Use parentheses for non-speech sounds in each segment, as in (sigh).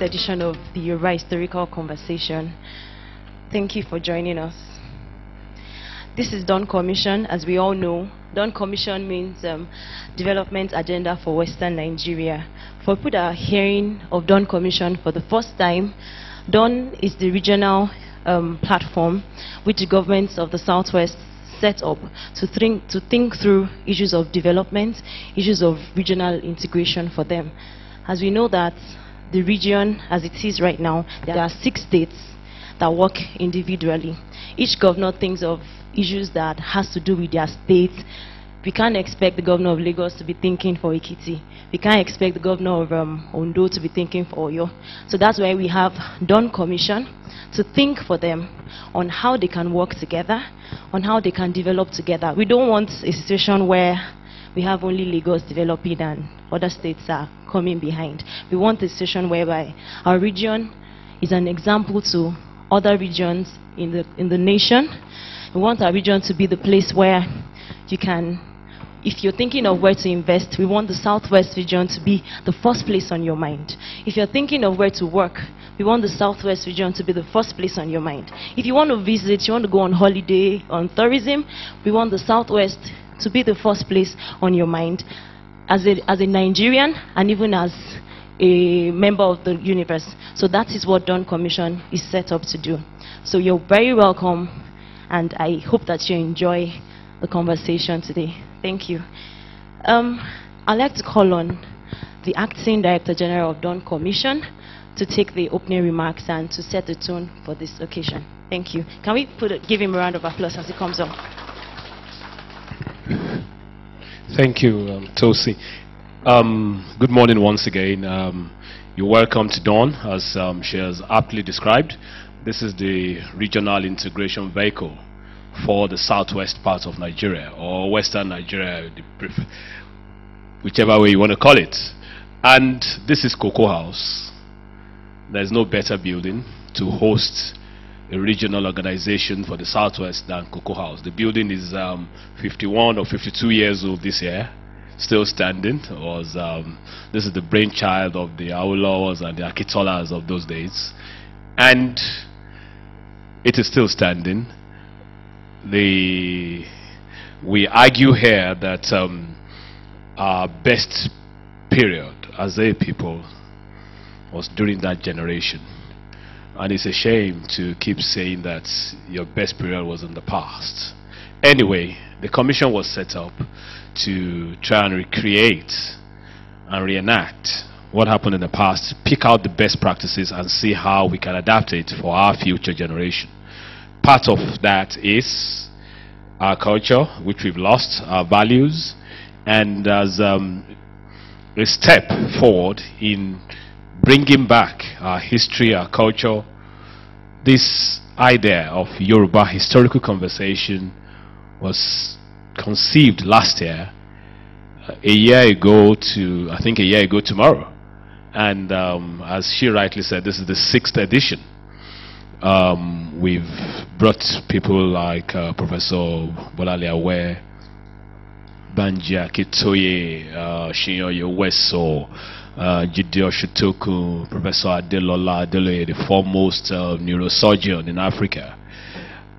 latest edition of the Yoruba Historical Conversation. Thank you for joining us. This is Don Commission, as we all know. Don Commission means um, Development Agenda for Western Nigeria. For people that are hearing of Don Commission for the first time, Don is the regional um, platform which the governments of the Southwest set up to think, to think through issues of development, issues of regional integration for them. As we know that the region as it is right now, there are six states that work individually. Each governor thinks of issues that has to do with their state. We can't expect the governor of Lagos to be thinking for Ikiti. We can't expect the governor of um, Ondo to be thinking for Oyo. So that's why we have done commission to think for them on how they can work together, on how they can develop together. We don't want a situation where we have only Lagos developing and other states are coming behind. We want a situation whereby our region is an example to other regions in the, in the nation. We want our region to be the place where you can, if you're thinking of where to invest, we want the Southwest region to be the first place on your mind. If you're thinking of where to work, we want the Southwest region to be the first place on your mind. If you want to visit, you want to go on holiday, on tourism, we want the Southwest to be the first place on your mind as a, as a Nigerian and even as a member of the universe. So that is what Dawn Commission is set up to do. So you're very welcome and I hope that you enjoy the conversation today. Thank you. Um, I'd like to call on the Acting Director General of Dawn Commission to take the opening remarks and to set the tone for this occasion. Thank you. Can we put a, give him a round of applause as he comes on? Thank you, um, Tosi. Um, good morning once again. Um, you're welcome to Dawn, as um, she has aptly described. This is the regional integration vehicle for the southwest part of Nigeria, or western Nigeria, whichever way you want to call it. And this is Cocoa House. There's no better building to host a regional organization for the Southwest than Cocoa House. The building is um, 51 or 52 years old this year, still standing. was um, this is the brainchild of the Aulawas and the Akitolas of those days, and it is still standing. The we argue here that um, our best period as a people was during that generation. And it's a shame to keep saying that your best period was in the past. Anyway, the commission was set up to try and recreate and reenact what happened in the past, pick out the best practices and see how we can adapt it for our future generation. Part of that is our culture, which we've lost, our values, and as um, a step forward in bringing back our history, our culture, this idea of Yoruba historical conversation was conceived last year, a year ago to, I think a year ago tomorrow. And um, as she rightly said, this is the sixth edition. Um, we've brought people like uh, Professor Bolale Awe, Banji Kitoye, uh, Shinyo Weso, uh, Jide Professor Adelola Adeloye, the foremost uh, neurosurgeon in Africa,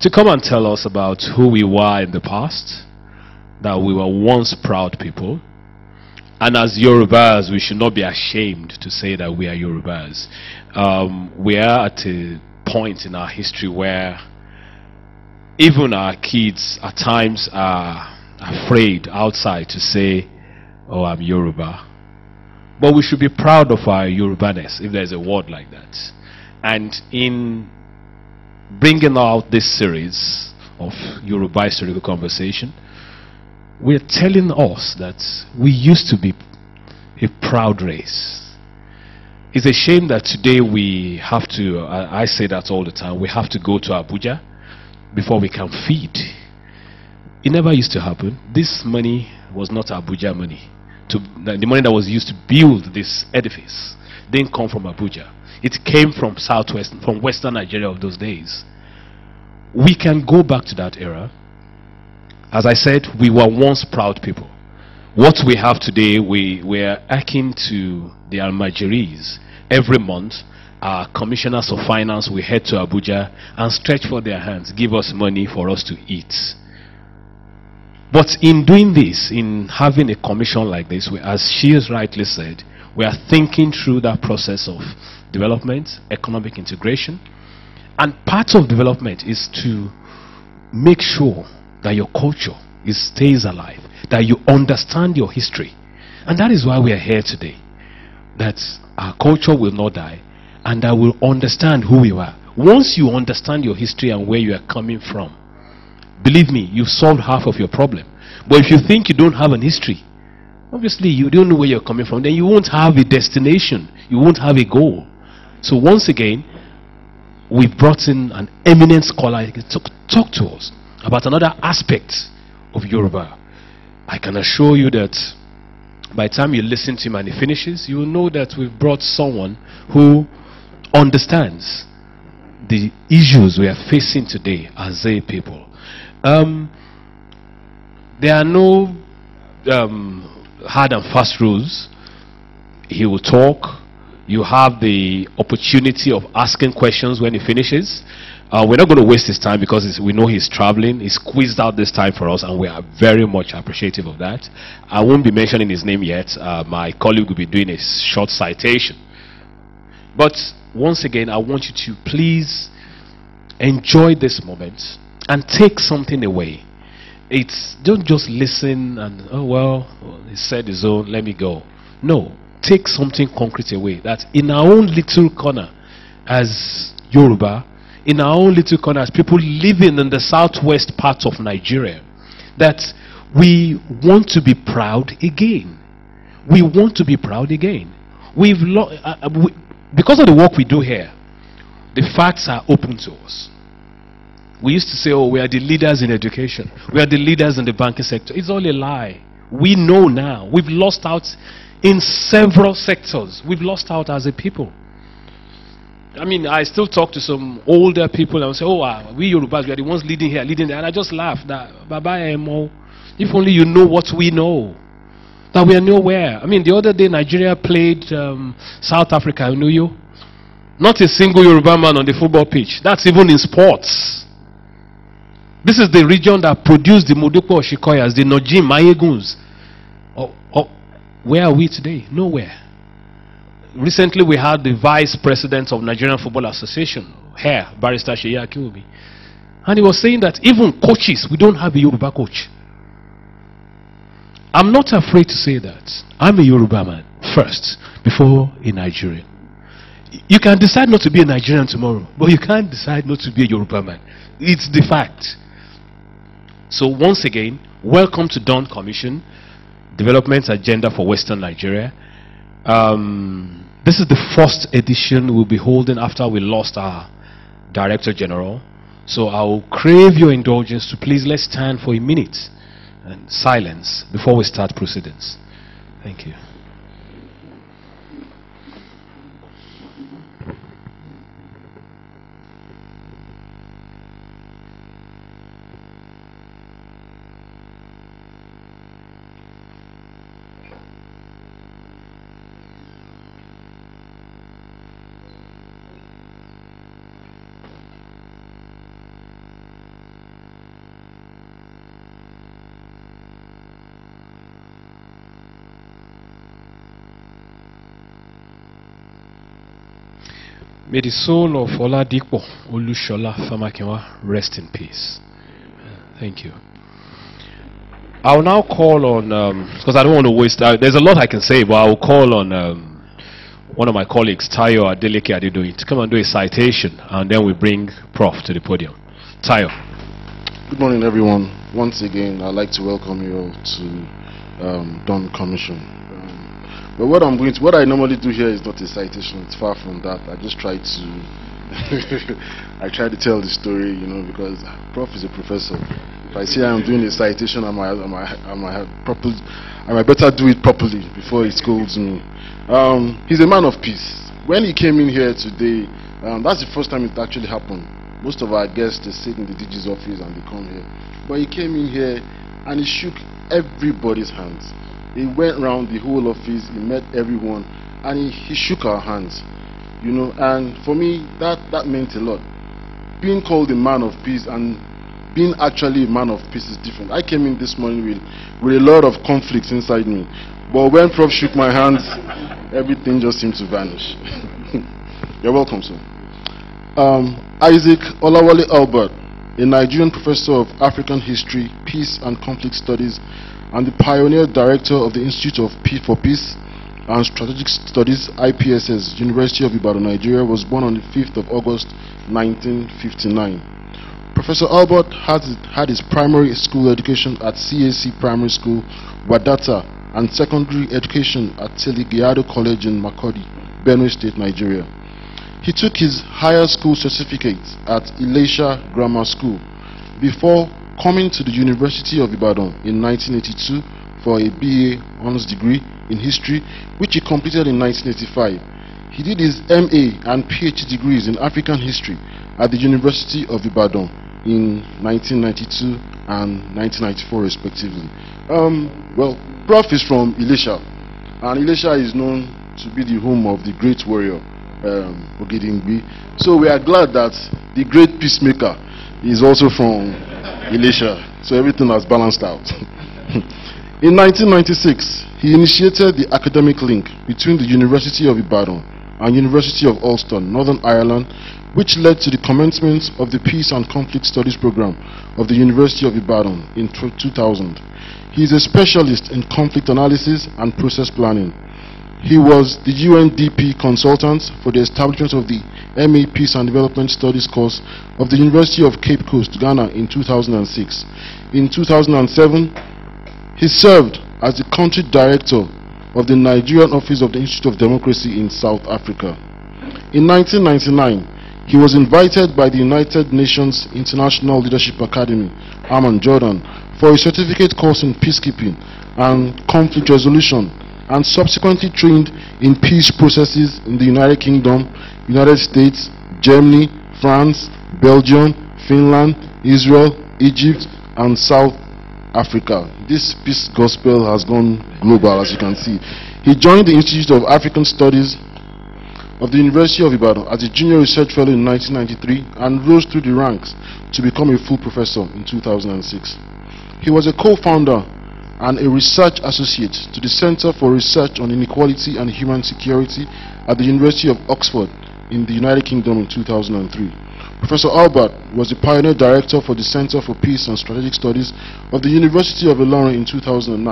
to come and tell us about who we were in the past, that we were once proud people, and as Yorubas, we should not be ashamed to say that we are Yorubas. Um, we are at a point in our history where even our kids at times are afraid outside to say, oh, I'm Yoruba but we should be proud of our Yorubaness, if there's a word like that. And in bringing out this series of Yoruba historical conversation, we're telling us that we used to be a proud race. It's a shame that today we have to, I say that all the time, we have to go to Abuja before we can feed. It never used to happen. This money was not Abuja money to the money that was used to build this edifice didn't come from Abuja. It came from southwest, from western Nigeria of those days. We can go back to that era. As I said, we were once proud people. What we have today, we, we are akin to the Almajiris. Every month, our commissioners of finance we head to Abuja and stretch for their hands, give us money for us to eat. But in doing this, in having a commission like this, we, as she has rightly said, we are thinking through that process of development, economic integration, and part of development is to make sure that your culture is, stays alive, that you understand your history. And that is why we are here today. That our culture will not die and that we'll understand who we are. Once you understand your history and where you are coming from, Believe me, you've solved half of your problem. But if you think you don't have an history, obviously you don't know where you're coming from, then you won't have a destination, you won't have a goal. So, once again, we brought in an eminent scholar to talk, talk to us about another aspect of Yoruba. I can assure you that by the time you listen to him and he finishes, you will know that we've brought someone who understands the issues we are facing today as a people. Um, there are no um, hard and fast rules. He will talk. You have the opportunity of asking questions when he finishes. Uh, we're not going to waste his time because we know he's traveling. He squeezed out this time for us, and we are very much appreciative of that. I won't be mentioning his name yet. Uh, my colleague will be doing a short citation. But once again, I want you to please enjoy this moment and take something away. It's don't just listen and oh well, he said his own, let me go. No, take something concrete away. That in our own little corner, as Yoruba, in our own little corner, as people living in the southwest part of Nigeria, that we want to be proud again. We want to be proud again. We've uh, uh, we, because of the work we do here, the facts are open to us. We used to say, oh, we are the leaders in education. We are the leaders in the banking sector. It's all a lie. We know now. We've lost out in several sectors. We've lost out as a people. I mean, I still talk to some older people and say, oh, ah, we Yorubas, we are the ones leading here, leading there. And I just laugh that, bye, Emo, eh, if only you know what we know. That we are nowhere. I mean, the other day, Nigeria played um, South Africa, I knew you. Not a single Yoruba man on the football pitch. That's even in sports. This is the region that produced the Modupo Oshikoyas, the Nojim Mayeguns. Oh, oh, where are we today? Nowhere. Recently, we had the vice president of Nigerian Football Association here, Barrister Sheyi Akiwobi. And he was saying that even coaches, we don't have a Yoruba coach. I'm not afraid to say that. I'm a Yoruba man first before a Nigerian. You can decide not to be a Nigerian tomorrow, but you can't decide not to be a Yoruba man. It's the fact. So once again, welcome to Dawn Commission, Development Agenda for Western Nigeria. Um, this is the first edition we'll be holding after we lost our Director General. So I will crave your indulgence to please let's stand for a minute and silence before we start proceedings. Thank you. May the soul of Oladipo Olushola Famakinwa rest in peace. Thank you. I'll now call on, because um, I don't want to waste, uh, there's a lot I can say, but I'll call on um, one of my colleagues, Tayo Adeleke Adedoyin, to come and do a citation, and then we bring Prof to the podium. Tayo. Good morning, everyone. Once again, I'd like to welcome you all to um, Don Commission. But what I'm going to, what I normally do here is not a citation. It's far from that. I just try to, (laughs) I try to tell the story, you know, because Prof is a professor. If I see I'm doing a citation, I might, I might, I might properly, I might better do it properly before he scolds me. Um, he's a man of peace. When he came in here today, um, that's the first time it actually happened. Most of our guests they sit in the DG's office and they come here, but he came in here and he shook everybody's hands. He went round the whole office, he met everyone, and he, he shook our hands. You know, and for me, that, that meant a lot. Being called a man of peace and being actually a man of peace is different. I came in this morning with, with a lot of conflicts inside me. But when Prof shook my hands, (laughs) everything just seemed to vanish. (laughs) You're welcome, sir. Um, Isaac Olawale Albert, a Nigerian professor of African history, peace and conflict studies and the pioneer director of the Institute of Peace for Peace and Strategic Studies IPSS, University of Ibadan, Nigeria, was born on the 5th of August 1959. Professor Albert had, had his primary school education at CAC Primary School, Wadata, and secondary education at Telegiado College in Makodi, Benue State, Nigeria. He took his higher school certificate at Elisha Grammar School before coming to the University of Ibadan in 1982 for a BA honors degree in history, which he completed in 1985. He did his MA and PhD degrees in African history at the University of Ibadan in 1992 and 1994, respectively. Um, well, Prof is from Elisha, and Elisha is known to be the home of the great warrior um, Ogedingbi. So we are glad that the great peacemaker is also from Elisha. So everything has balanced out. (laughs) in 1996, he initiated the academic link between the University of Ibadan and University of Ulster, Northern Ireland, which led to the commencement of the Peace and Conflict Studies program of the University of Ibadan in 2000. He is a specialist in conflict analysis and process planning. He was the UNDP consultant for the establishment of the ME Peace and Development Studies course of the University of Cape Coast, Ghana in 2006. In 2007, he served as the country director of the Nigerian Office of the Institute of Democracy in South Africa. In 1999, he was invited by the United Nations International Leadership Academy, Amman Jordan, for a certificate course in peacekeeping and conflict resolution and subsequently trained in peace processes in the United Kingdom, United States, Germany, France, Belgium, Finland, Israel, Egypt, and South Africa. This peace gospel has gone global, as you can see. He joined the Institute of African Studies of the University of Ibadan as a junior research fellow in 1993 and rose through the ranks to become a full professor in 2006. He was a co-founder and a research associate to the Center for Research on Inequality and Human Security at the University of Oxford in the United Kingdom in 2003. Professor Albert was the pioneer director for the Center for Peace and Strategic Studies of the University of Ilorin in 2009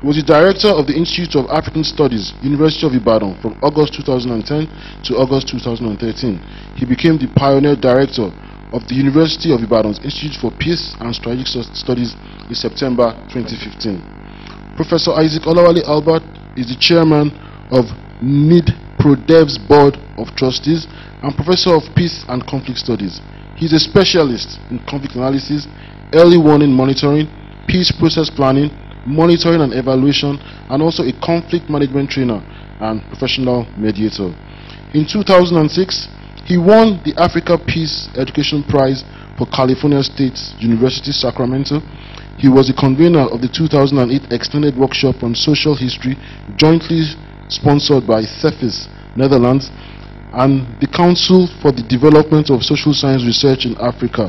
He was the director of the Institute of African Studies, University of Ibadan, from August 2010 to August 2013. He became the pioneer director of the University of Ibadan's Institute for Peace and Strategic Studies in September 2015. Professor Isaac Olawale Albert is the chairman of Mid Prodev's Board of Trustees and Professor of Peace and Conflict Studies. He is a specialist in conflict analysis, early warning monitoring, peace process planning, monitoring and evaluation, and also a conflict management trainer and professional mediator. In 2006, he won the Africa Peace Education Prize for California State University, Sacramento. He was the convener of the 2008 extended workshop on social history, jointly sponsored by CEFIS Netherlands and the Council for the Development of Social Science Research in Africa,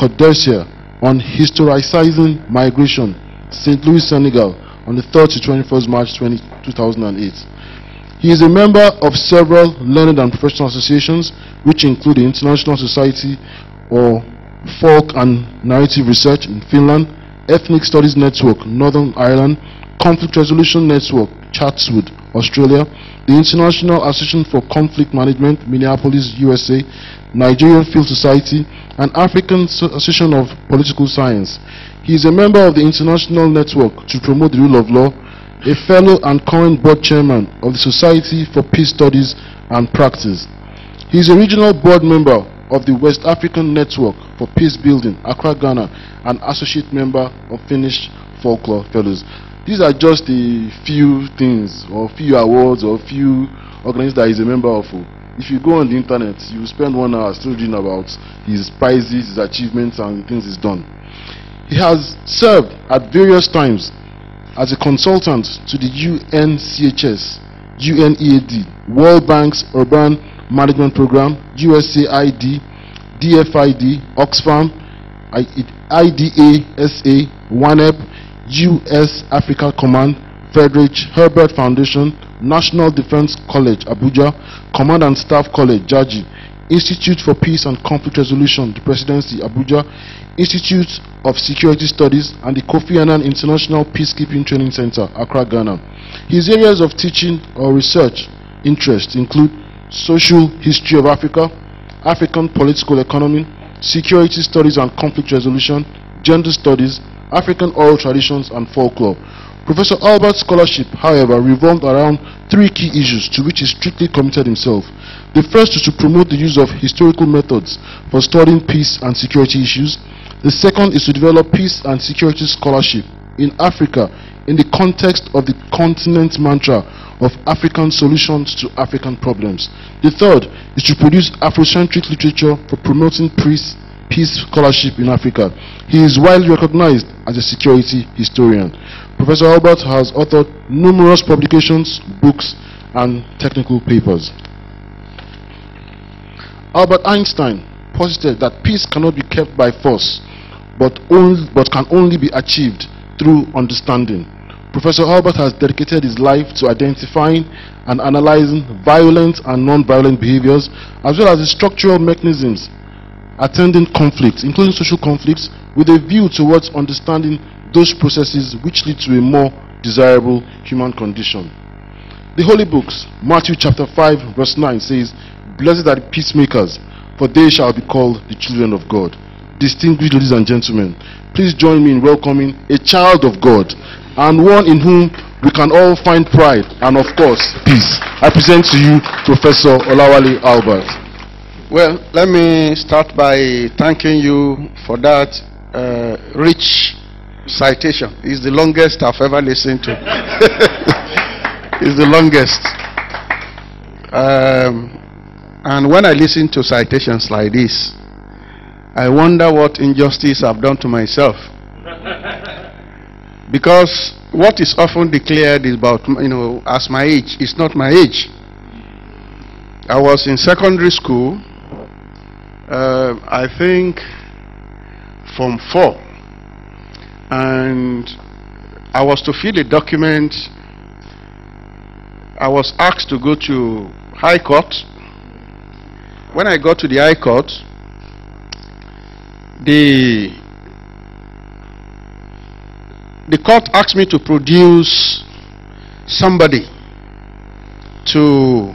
CODERSIA, on historicizing migration, St. Louis, Senegal, on the 3rd to 21st March 20, 2008. He is a member of several learned and professional associations, which include the International Society for Folk and Narrative Research in Finland, Ethnic Studies Network, Northern Ireland, Conflict Resolution Network, Chatswood, Australia, the International Association for Conflict Management, Minneapolis, USA, Nigerian Field Society, and African Association of Political Science. He is a member of the International Network to Promote the Rule of Law a fellow and current board chairman of the Society for Peace Studies and Practice. He is a regional board member of the West African Network for Peace Building, Accra, Ghana, and associate member of Finnish Folklore Fellows. These are just a few things, or few awards, or few organizations that he is a member of. If you go on the internet, you will spend one hour still reading about his prizes, his achievements, and the things he's done. He has served at various times as a consultant to the UNCHS, UNEAD, World Bank's Urban Management Program, USAID, DFID, Oxfam, IDASA, OneUp, US Africa Command, Frederick Herbert Foundation, National Defense College, Abuja, Command and Staff College, Jaji, Institute for Peace and Conflict Resolution, the Presidency, Abuja, Institute of Security Studies, and the Kofi Annan International Peacekeeping Training Center, Accra, Ghana. His areas of teaching or research interests include social history of Africa, African political economy, security studies and conflict resolution, gender studies, African oral traditions, and folklore. Professor Albert's scholarship, however, revolved around three key issues to which he strictly committed himself the first is to promote the use of historical methods for studying peace and security issues. The second is to develop peace and security scholarship in Africa in the context of the continent mantra of African solutions to African problems. The third is to produce Afrocentric literature for promoting peace, peace scholarship in Africa. He is widely recognized as a security historian. Professor Albert has authored numerous publications, books, and technical papers. Albert Einstein posited that peace cannot be kept by force, but, only, but can only be achieved through understanding. Professor Albert has dedicated his life to identifying and analyzing violent and non-violent behaviors, as well as the structural mechanisms attending conflicts, including social conflicts, with a view towards understanding those processes which lead to a more desirable human condition. The Holy Books, Matthew chapter 5, verse 9 says, Blessed are the peacemakers, for they shall be called the children of God. Distinguished ladies and gentlemen, please join me in welcoming a child of God and one in whom we can all find pride and, of course, peace. I present to you Professor Olawale Albert. Well, let me start by thanking you for that uh, rich citation. It's the longest I've ever listened to. (laughs) it's the longest. Um, and when I listen to citations like this, I wonder what injustice I've done to myself. (laughs) because what is often declared is about, you know, as my age, it's not my age. I was in secondary school, uh, I think from four, and I was to fill a document. I was asked to go to High Court when I got to the High Court, the the court asked me to produce somebody to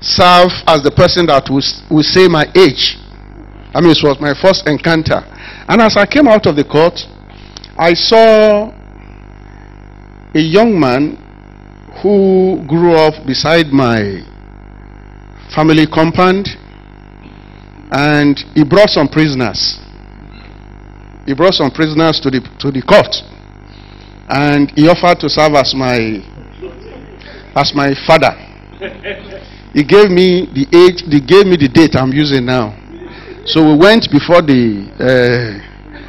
serve as the person that will, will say my age. I mean, it was my first encounter. And as I came out of the court, I saw a young man who grew up beside my family compound and he brought some prisoners. He brought some prisoners to the, to the court and he offered to serve as my, as my father. He gave me the age, he gave me the date I'm using now. So we went before the,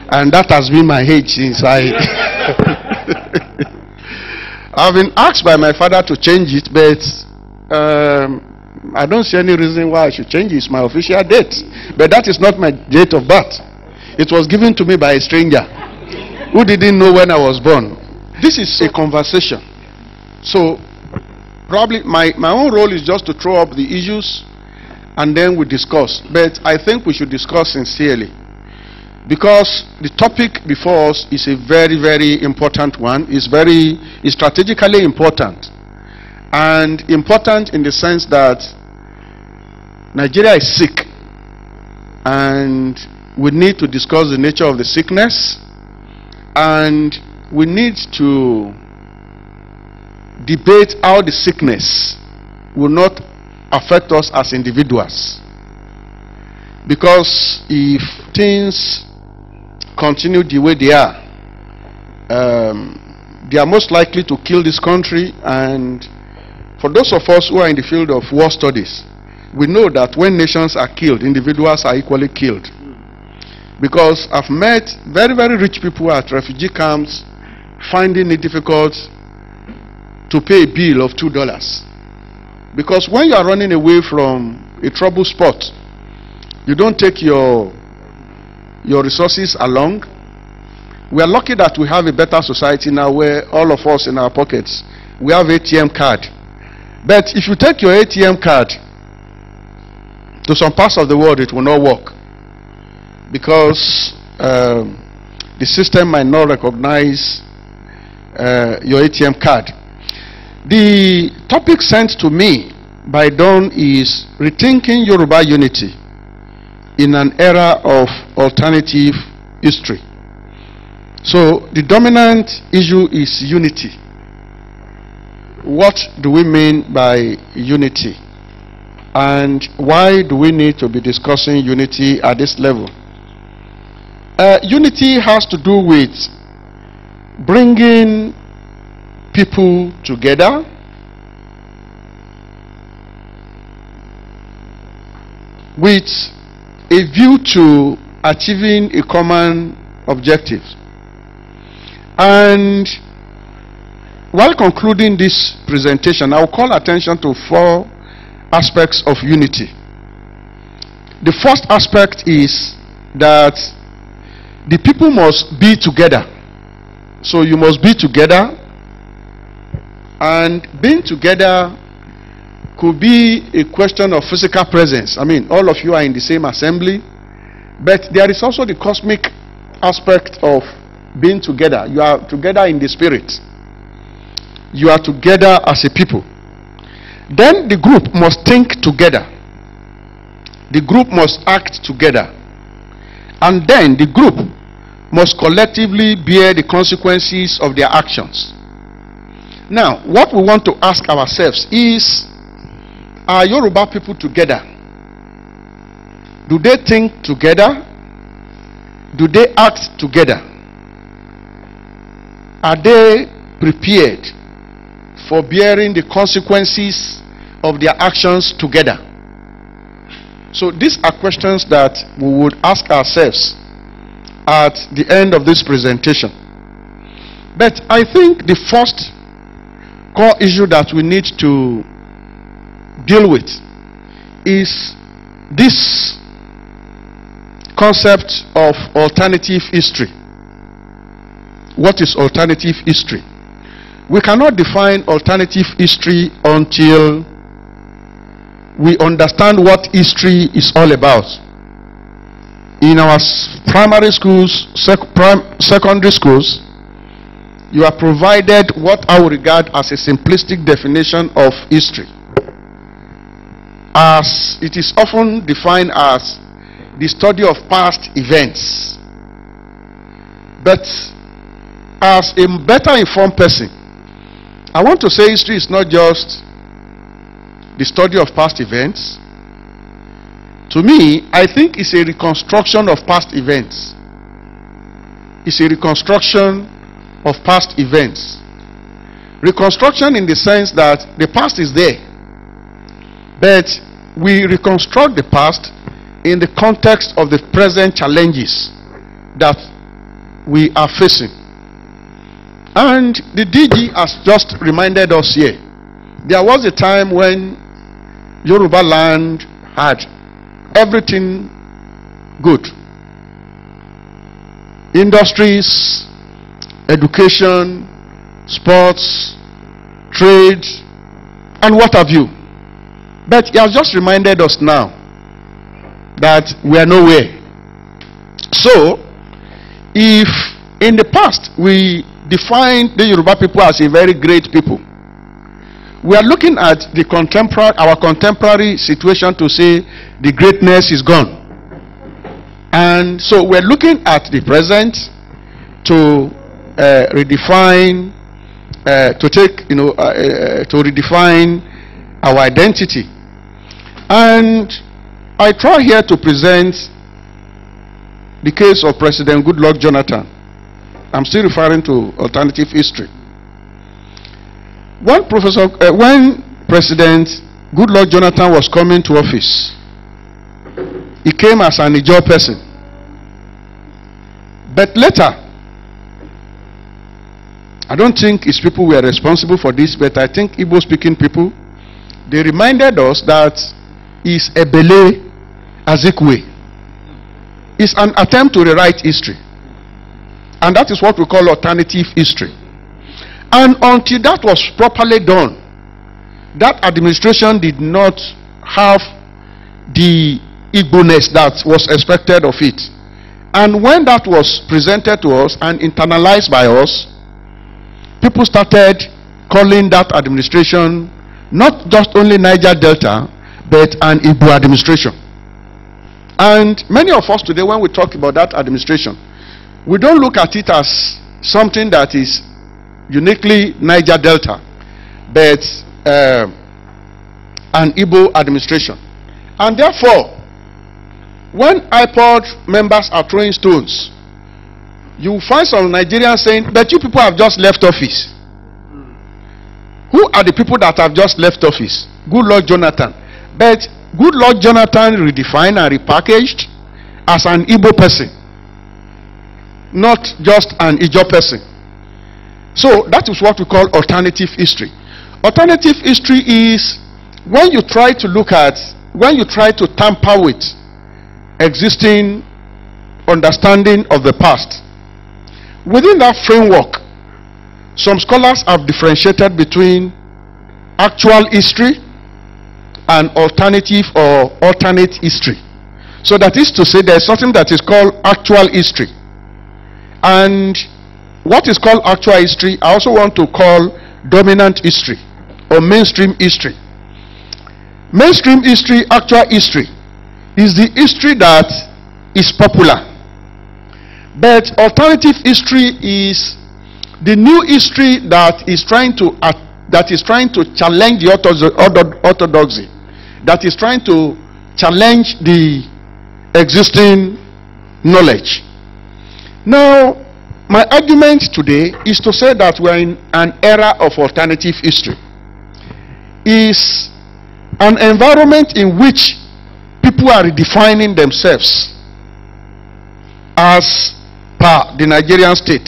uh, and that has been my age since I. (laughs) I've been asked by my father to change it, but um, I don't see any reason why I should change it. It's my official date. But that is not my date of birth. It was given to me by a stranger who didn't know when I was born. This is a conversation. So, probably my, my own role is just to throw up the issues and then we discuss. But I think we should discuss sincerely because the topic before us is a very, very important one. It's very it's strategically important and important in the sense that Nigeria is sick and we need to discuss the nature of the sickness and we need to debate how the sickness will not affect us as individuals because if things continue the way they are um, they are most likely to kill this country and for those of us who are in the field of war studies, we know that when nations are killed, individuals are equally killed. Because I've met very, very rich people at refugee camps finding it difficult to pay a bill of $2. Because when you are running away from a trouble spot, you don't take your, your resources along. We are lucky that we have a better society now where all of us in our pockets, we have ATM card but if you take your ATM card to some parts of the world, it will not work because um, the system might not recognize uh, your ATM card. The topic sent to me by Don is rethinking Yoruba unity in an era of alternative history. So the dominant issue is unity what do we mean by unity? And why do we need to be discussing unity at this level? Uh, unity has to do with bringing people together, with a view to achieving a common objective. And while concluding this presentation, I will call attention to four aspects of unity. The first aspect is that the people must be together. So you must be together, and being together could be a question of physical presence. I mean, all of you are in the same assembly, but there is also the cosmic aspect of being together. You are together in the spirit you are together as a people. Then the group must think together. The group must act together. And then the group must collectively bear the consequences of their actions. Now, what we want to ask ourselves is are Yoruba people together? Do they think together? Do they act together? Are they prepared for bearing the consequences of their actions together. So these are questions that we would ask ourselves at the end of this presentation. But I think the first core issue that we need to deal with is this concept of alternative history. What is alternative history? We cannot define alternative history until we understand what history is all about. In our primary schools, sec prim secondary schools, you are provided what I would regard as a simplistic definition of history. As it is often defined as the study of past events. But as a better informed person, I want to say history is not just the study of past events. To me, I think it's a reconstruction of past events. It's a reconstruction of past events. Reconstruction in the sense that the past is there, but we reconstruct the past in the context of the present challenges that we are facing. And the DG has just reminded us here. There was a time when Yoruba land had everything good. Industries, education, sports, trade, and what have you. But he has just reminded us now that we are nowhere. So, if in the past we define the Yoruba people as a very great people. We are looking at the contemporary, our contemporary situation to say the greatness is gone. And so we're looking at the present to uh, redefine, uh, to take, you know, uh, uh to redefine our identity. And I try here to present the case of President Goodluck Jonathan I'm still referring to alternative history. One Professor, uh, when President Lord Jonathan was coming to office, he came as an Ijaw person. But later, I don't think his people were responsible for this, but I think Igbo-speaking people, they reminded us that is Ebele Azikwe. It's an attempt to rewrite history. And that is what we call alternative history. And until that was properly done, that administration did not have the eagerness that was expected of it. And when that was presented to us and internalized by us, people started calling that administration not just only Niger Delta, but an Igbo administration. And many of us today, when we talk about that administration, we don't look at it as something that is uniquely Niger Delta, but uh, an Igbo administration. And therefore, when iPod members are throwing stones, you find some Nigerians saying, But you people have just left office. Who are the people that have just left office? Good Lord Jonathan. But good Lord Jonathan redefined and repackaged as an Igbo person not just an Ijo person. So that is what we call alternative history. Alternative history is when you try to look at, when you try to tamper with existing understanding of the past. Within that framework, some scholars have differentiated between actual history and alternative or alternate history. So that is to say there is something that is called actual history and what is called actual history, I also want to call dominant history or mainstream history. Mainstream history, actual history, is the history that is popular. But alternative history is the new history that is trying to uh, that is trying to challenge the orthodoxy, that is trying to challenge the existing knowledge. Now, my argument today is to say that we are in an era of alternative history. Is an environment in which people are redefining themselves as per the Nigerian state.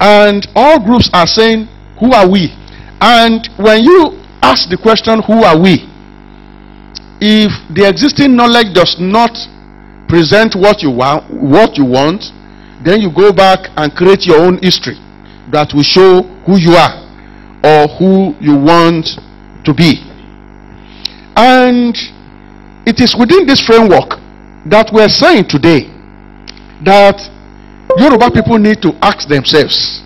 And all groups are saying, Who are we? And when you ask the question, Who are we? If the existing knowledge does not present what you want, what you want, then you go back and create your own history that will show who you are or who you want to be. And it is within this framework that we're saying today that Yoruba people need to ask themselves,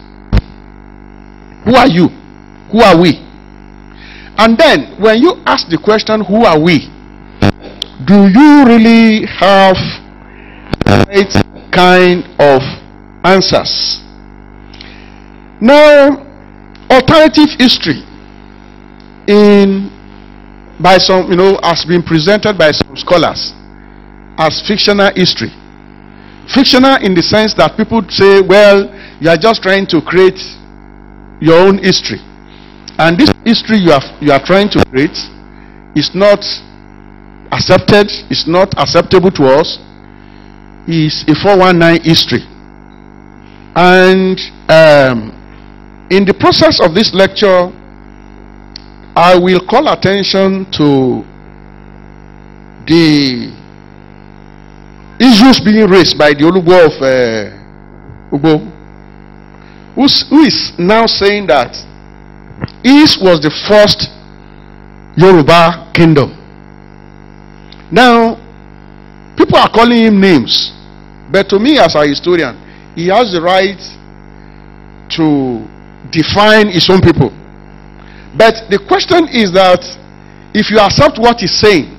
who are you? Who are we? And then when you ask the question, who are we? do you really have that kind of answers? Now, alternative history in by some you know has been presented by some scholars as fictional history. Fictional in the sense that people say, well, you are just trying to create your own history. And this history you are, you are trying to create is not accepted is not acceptable to us is a 419 history. And um, in the process of this lecture, I will call attention to the issues being raised by the Olugbo of uh, who is now saying that East was the first Yoruba kingdom. Now, people are calling him names, but to me, as a historian, he has the right to define his own people. But the question is that if you accept what he's saying,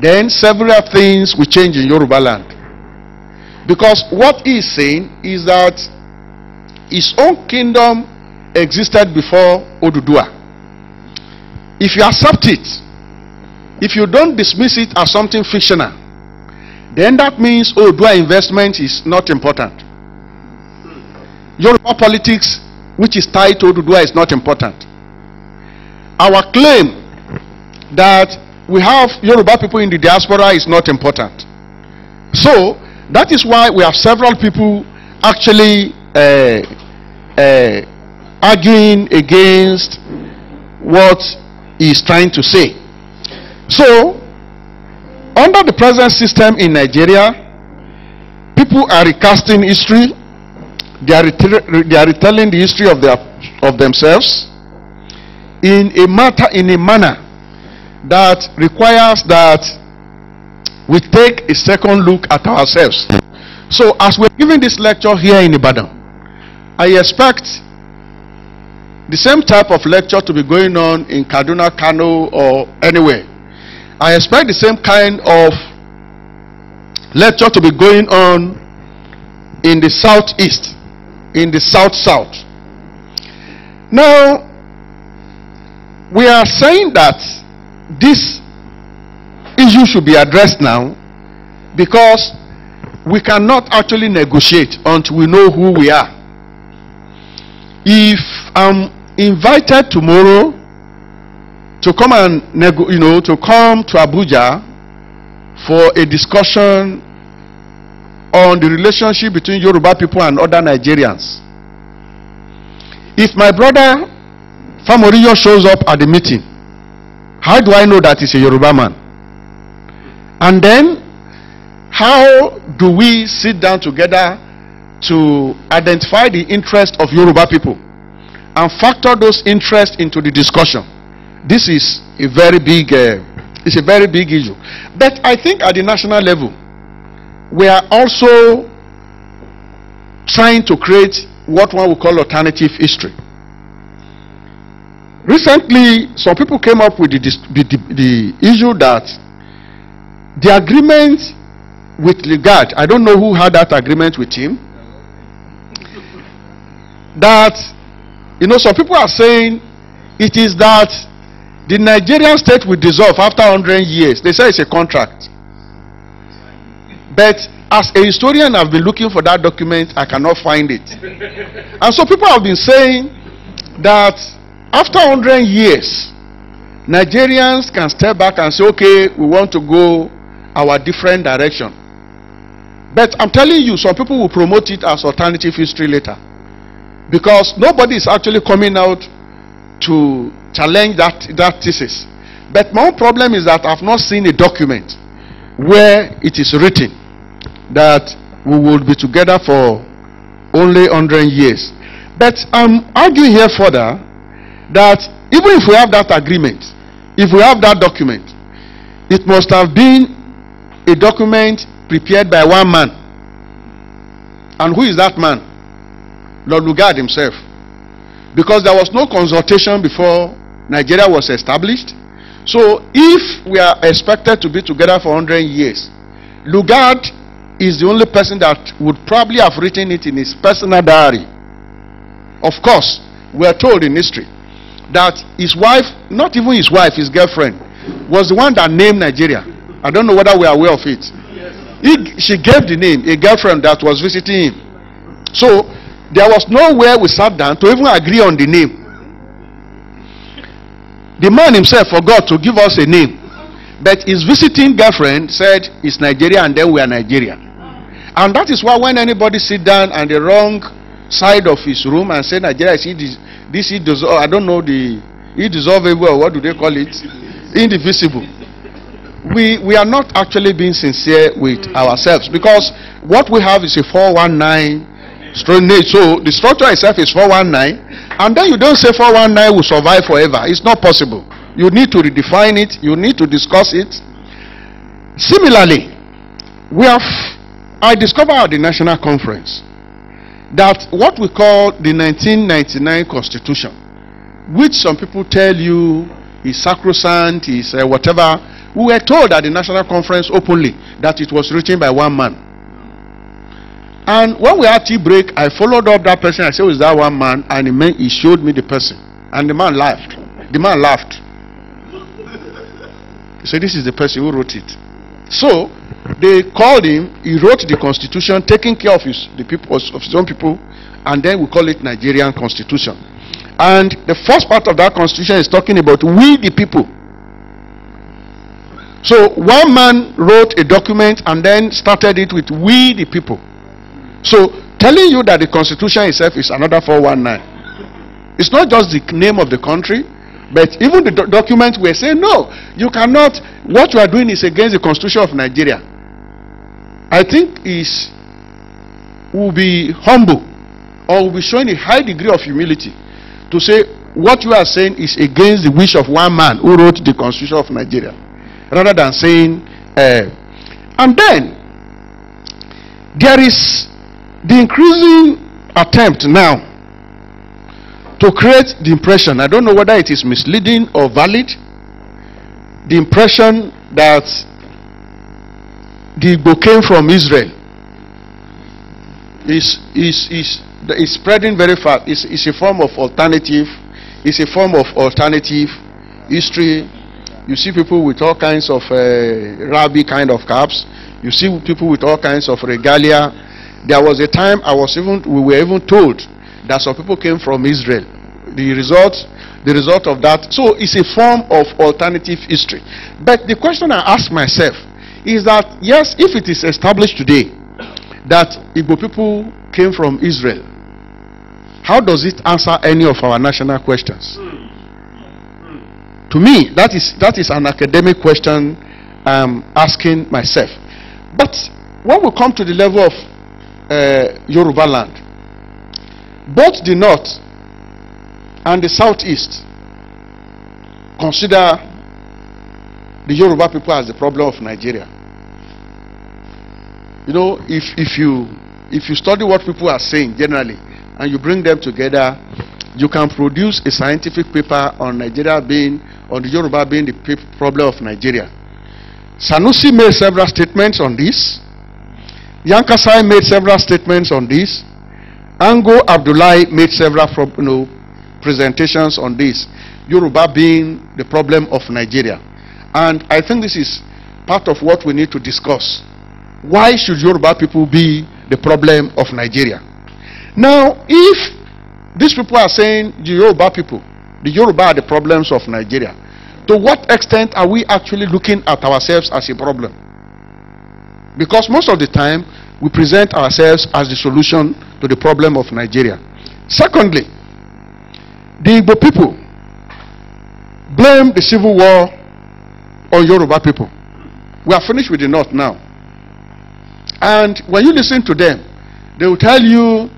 then several things will change in Yoruba land. Because what he's saying is that his own kingdom existed before Odudua. If you accept it, if you don't dismiss it as something fictional, then that means Odua oh, investment is not important. Yoruba politics, which is tied to Odua, is not important. Our claim that we have Yoruba people in the diaspora is not important. So, that is why we have several people actually uh, uh, arguing against what he's trying to say. So, under the present system in Nigeria, people are recasting history. They are, they are retelling the history of, their, of themselves in a matter, in a manner that requires that we take a second look at ourselves. So, as we're giving this lecture here in Ibadan, I expect the same type of lecture to be going on in Kaduna, Kano, or anywhere. I expect the same kind of lecture to be going on in the southeast, in the south south. Now, we are saying that this issue should be addressed now because we cannot actually negotiate until we know who we are. If I'm invited tomorrow to come and you know to come to Abuja for a discussion on the relationship between Yoruba people and other Nigerians. If my brother Famoriyo shows up at the meeting, how do I know that he's a Yoruba man? And then, how do we sit down together to identify the interest of Yoruba people and factor those interests into the discussion? This is a very big, uh, it's a very big issue. But I think at the national level, we are also trying to create what one would call alternative history. Recently, some people came up with the, the, the issue that the agreement with regard, I don't know who had that agreement with him, that, you know, some people are saying it is that the Nigerian state will dissolve after 100 years. They say it's a contract. But as a historian, I've been looking for that document. I cannot find it. and so people have been saying that after 100 years, Nigerians can step back and say, okay, we want to go our different direction. But I'm telling you, some people will promote it as alternative history later. Because nobody is actually coming out to challenge that, that thesis. But my own problem is that I've not seen a document where it is written that we will be together for only 100 years. But I'm arguing here further that even if we have that agreement, if we have that document, it must have been a document prepared by one man. And who is that man? Lord Lugard himself. Because there was no consultation before Nigeria was established. So if we are expected to be together for 100 years, Lugard is the only person that would probably have written it in his personal diary. Of course, we are told in history that his wife, not even his wife, his girlfriend, was the one that named Nigeria. I don't know whether we are aware of it. he, she gave the name, a girlfriend that was visiting him. So there was nowhere we sat down to even agree on the name. The man himself forgot to give us a name. But his visiting girlfriend said it's Nigeria and then we are Nigeria. And that is why when anybody sit down on the wrong side of his room and say Nigeria is this, this is I don't know the indissolvable well. what do they call it? Indivisible. We we are not actually being sincere with ourselves because what we have is a 419 Strange. So the structure itself is 419, and then you don't say 419 will survive forever. It's not possible. You need to redefine it, you need to discuss it. Similarly, we have I discovered at the national conference that what we call the 1999 constitution, which some people tell you is sacrosanct, is uh, whatever, we were told at the national conference openly that it was written by one man. And when we had tea break, I followed up that person. I said, "Was that one man?" And he, meant, he showed me the person, and the man laughed. The man laughed. He said, "This is the person who wrote it." So they called him. He wrote the constitution, taking care of his, the people of his own people, and then we call it Nigerian constitution. And the first part of that constitution is talking about we the people. So one man wrote a document and then started it with we the people. So telling you that the constitution itself is another 419. It's not just the name of the country, but even the do document we're saying, no, you cannot, what you are doing is against the constitution of Nigeria. I think is will be humble or will be showing a high degree of humility to say what you are saying is against the wish of one man who wrote the constitution of Nigeria rather than saying uh, and then there is the increasing attempt now to create the impression, I don't know whether it is misleading or valid, the impression that the Igbo came from Israel is, is, is, is spreading very fast. It's, it's a form of alternative. It's a form of alternative history. You see people with all kinds of uh, rabbi kind of caps. You see people with all kinds of regalia there was a time I was even we were even told that some people came from Israel. The result, the result of that. So it's a form of alternative history. But the question I ask myself is that yes, if it is established today that Igbo people came from Israel, how does it answer any of our national questions? To me, that is that is an academic question I'm asking myself. But when we come to the level of uh, Yoruba land. Both the north and the southeast consider the Yoruba people as the problem of Nigeria. You know, if, if, you, if you study what people are saying generally and you bring them together, you can produce a scientific paper on Nigeria being, on the Yoruba being the problem of Nigeria. Sanusi made several statements on this. Yankasai made several statements on this. Ango Abdullahi made several you know, presentations on this. Yoruba being the problem of Nigeria. And I think this is part of what we need to discuss. Why should Yoruba people be the problem of Nigeria? Now, if these people are saying the Yoruba people, the Yoruba are the problems of Nigeria, to what extent are we actually looking at ourselves as a problem? Because most of the time, we present ourselves as the solution to the problem of Nigeria. Secondly, the Igbo people blame the civil war on Yoruba people. We are finished with the North now. And when you listen to them, they will tell you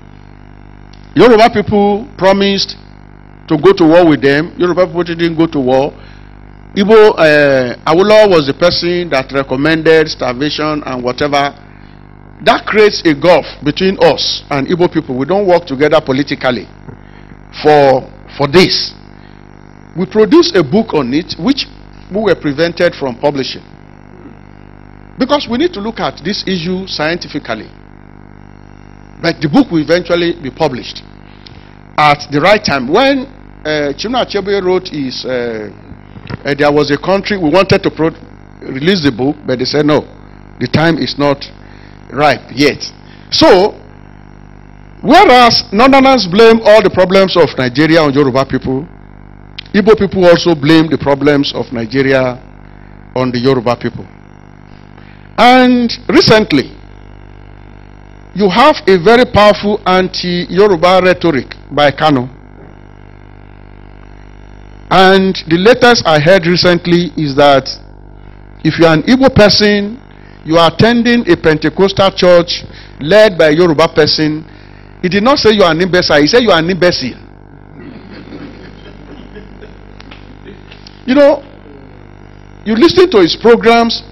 Yoruba people promised to go to war with them. Yoruba people didn't go to war. Ibo uh, eh, was the person that recommended starvation and whatever. That creates a gulf between us and Ibo people. We don't work together politically for for this. We produced a book on it, which we were prevented from publishing. Because we need to look at this issue scientifically. But the book will eventually be published at the right time. When uh, Chinua Achebe wrote his uh, and there was a country we wanted to release the book, but they said no, the time is not ripe yet. So, whereas Northerners blame all the problems of Nigeria on Yoruba people, Igbo people also blame the problems of Nigeria on the Yoruba people. And recently, you have a very powerful anti-Yoruba rhetoric by Kano and the latest I heard recently is that if you are an Igbo person, you are attending a Pentecostal church led by a Yoruba person, he did not say you are an imbecile, he said you are an imbecile. (laughs) you know, you listen to his programs,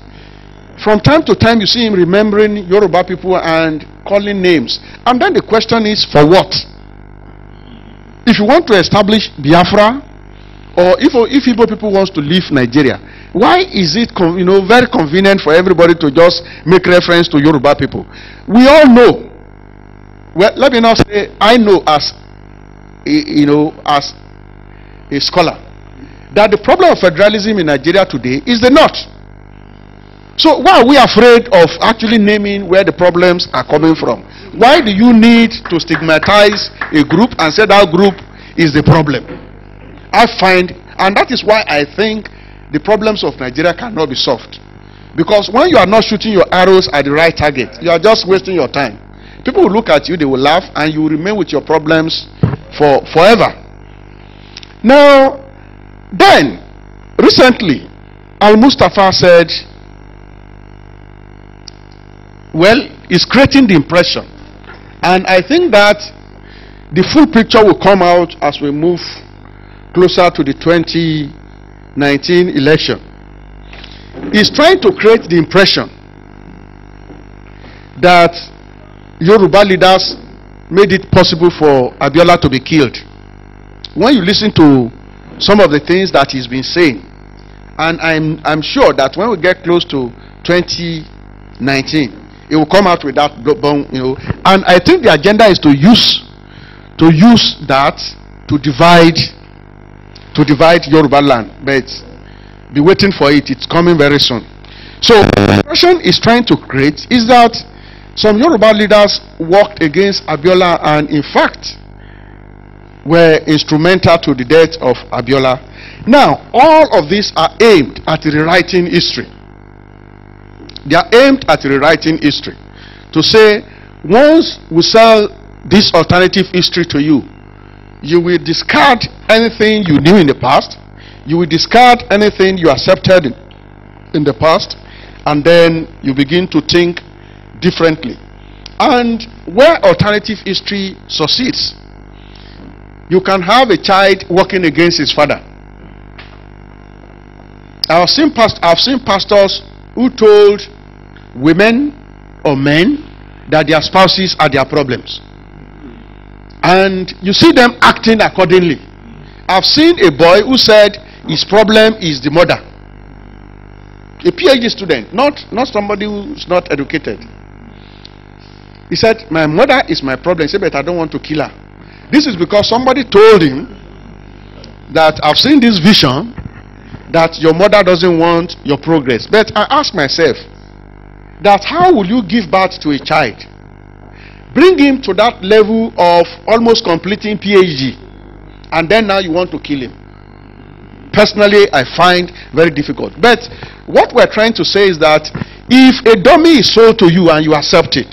from time to time you see him remembering Yoruba people and calling names. And then the question is, for what? If you want to establish Biafra, or if if Igbo people wants to leave Nigeria, why is it you know very convenient for everybody to just make reference to Yoruba people? We all know. Well, let me now say I know as you know as a scholar that the problem of federalism in Nigeria today is the North. So why are we afraid of actually naming where the problems are coming from? Why do you need to stigmatize a group and say that group is the problem? I find, and that is why I think the problems of Nigeria cannot be solved. Because when you are not shooting your arrows at the right target, you are just wasting your time. People will look at you, they will laugh, and you will remain with your problems for forever. Now, then, recently, Al Mustafa said, well, it's creating the impression. And I think that the full picture will come out as we move closer to the 2019 election is trying to create the impression that Yoruba leaders made it possible for Abiola to be killed. When you listen to some of the things that he's been saying, and I'm, I'm sure that when we get close to 2019, it will come out with that you know. And I think the agenda is to use to use that to divide to divide Yoruba land, but be waiting for it. It's coming very soon. So, what Russian is trying to create is that some Yoruba leaders worked against Abiola and, in fact, were instrumental to the death of Abiola. Now, all of these are aimed at rewriting history. They are aimed at rewriting history. To say, once we sell this alternative history to you, you will discard anything you knew in the past. You will discard anything you accepted in, in the past. And then you begin to think differently. And where alternative history succeeds, you can have a child working against his father. I've seen, past, I've seen pastors who told women or men that their spouses are their problems and you see them acting accordingly. I've seen a boy who said his problem is the mother. A PhD student, not, not somebody who's not educated. He said, My mother is my problem. He said, But I don't want to kill her. This is because somebody told him that I've seen this vision that your mother doesn't want your progress. But I ask myself, that how will you give birth to a child Bring him to that level of almost completing PhD, and then now you want to kill him. Personally, I find very difficult. But what we're trying to say is that if a dummy is sold to you and you accept it,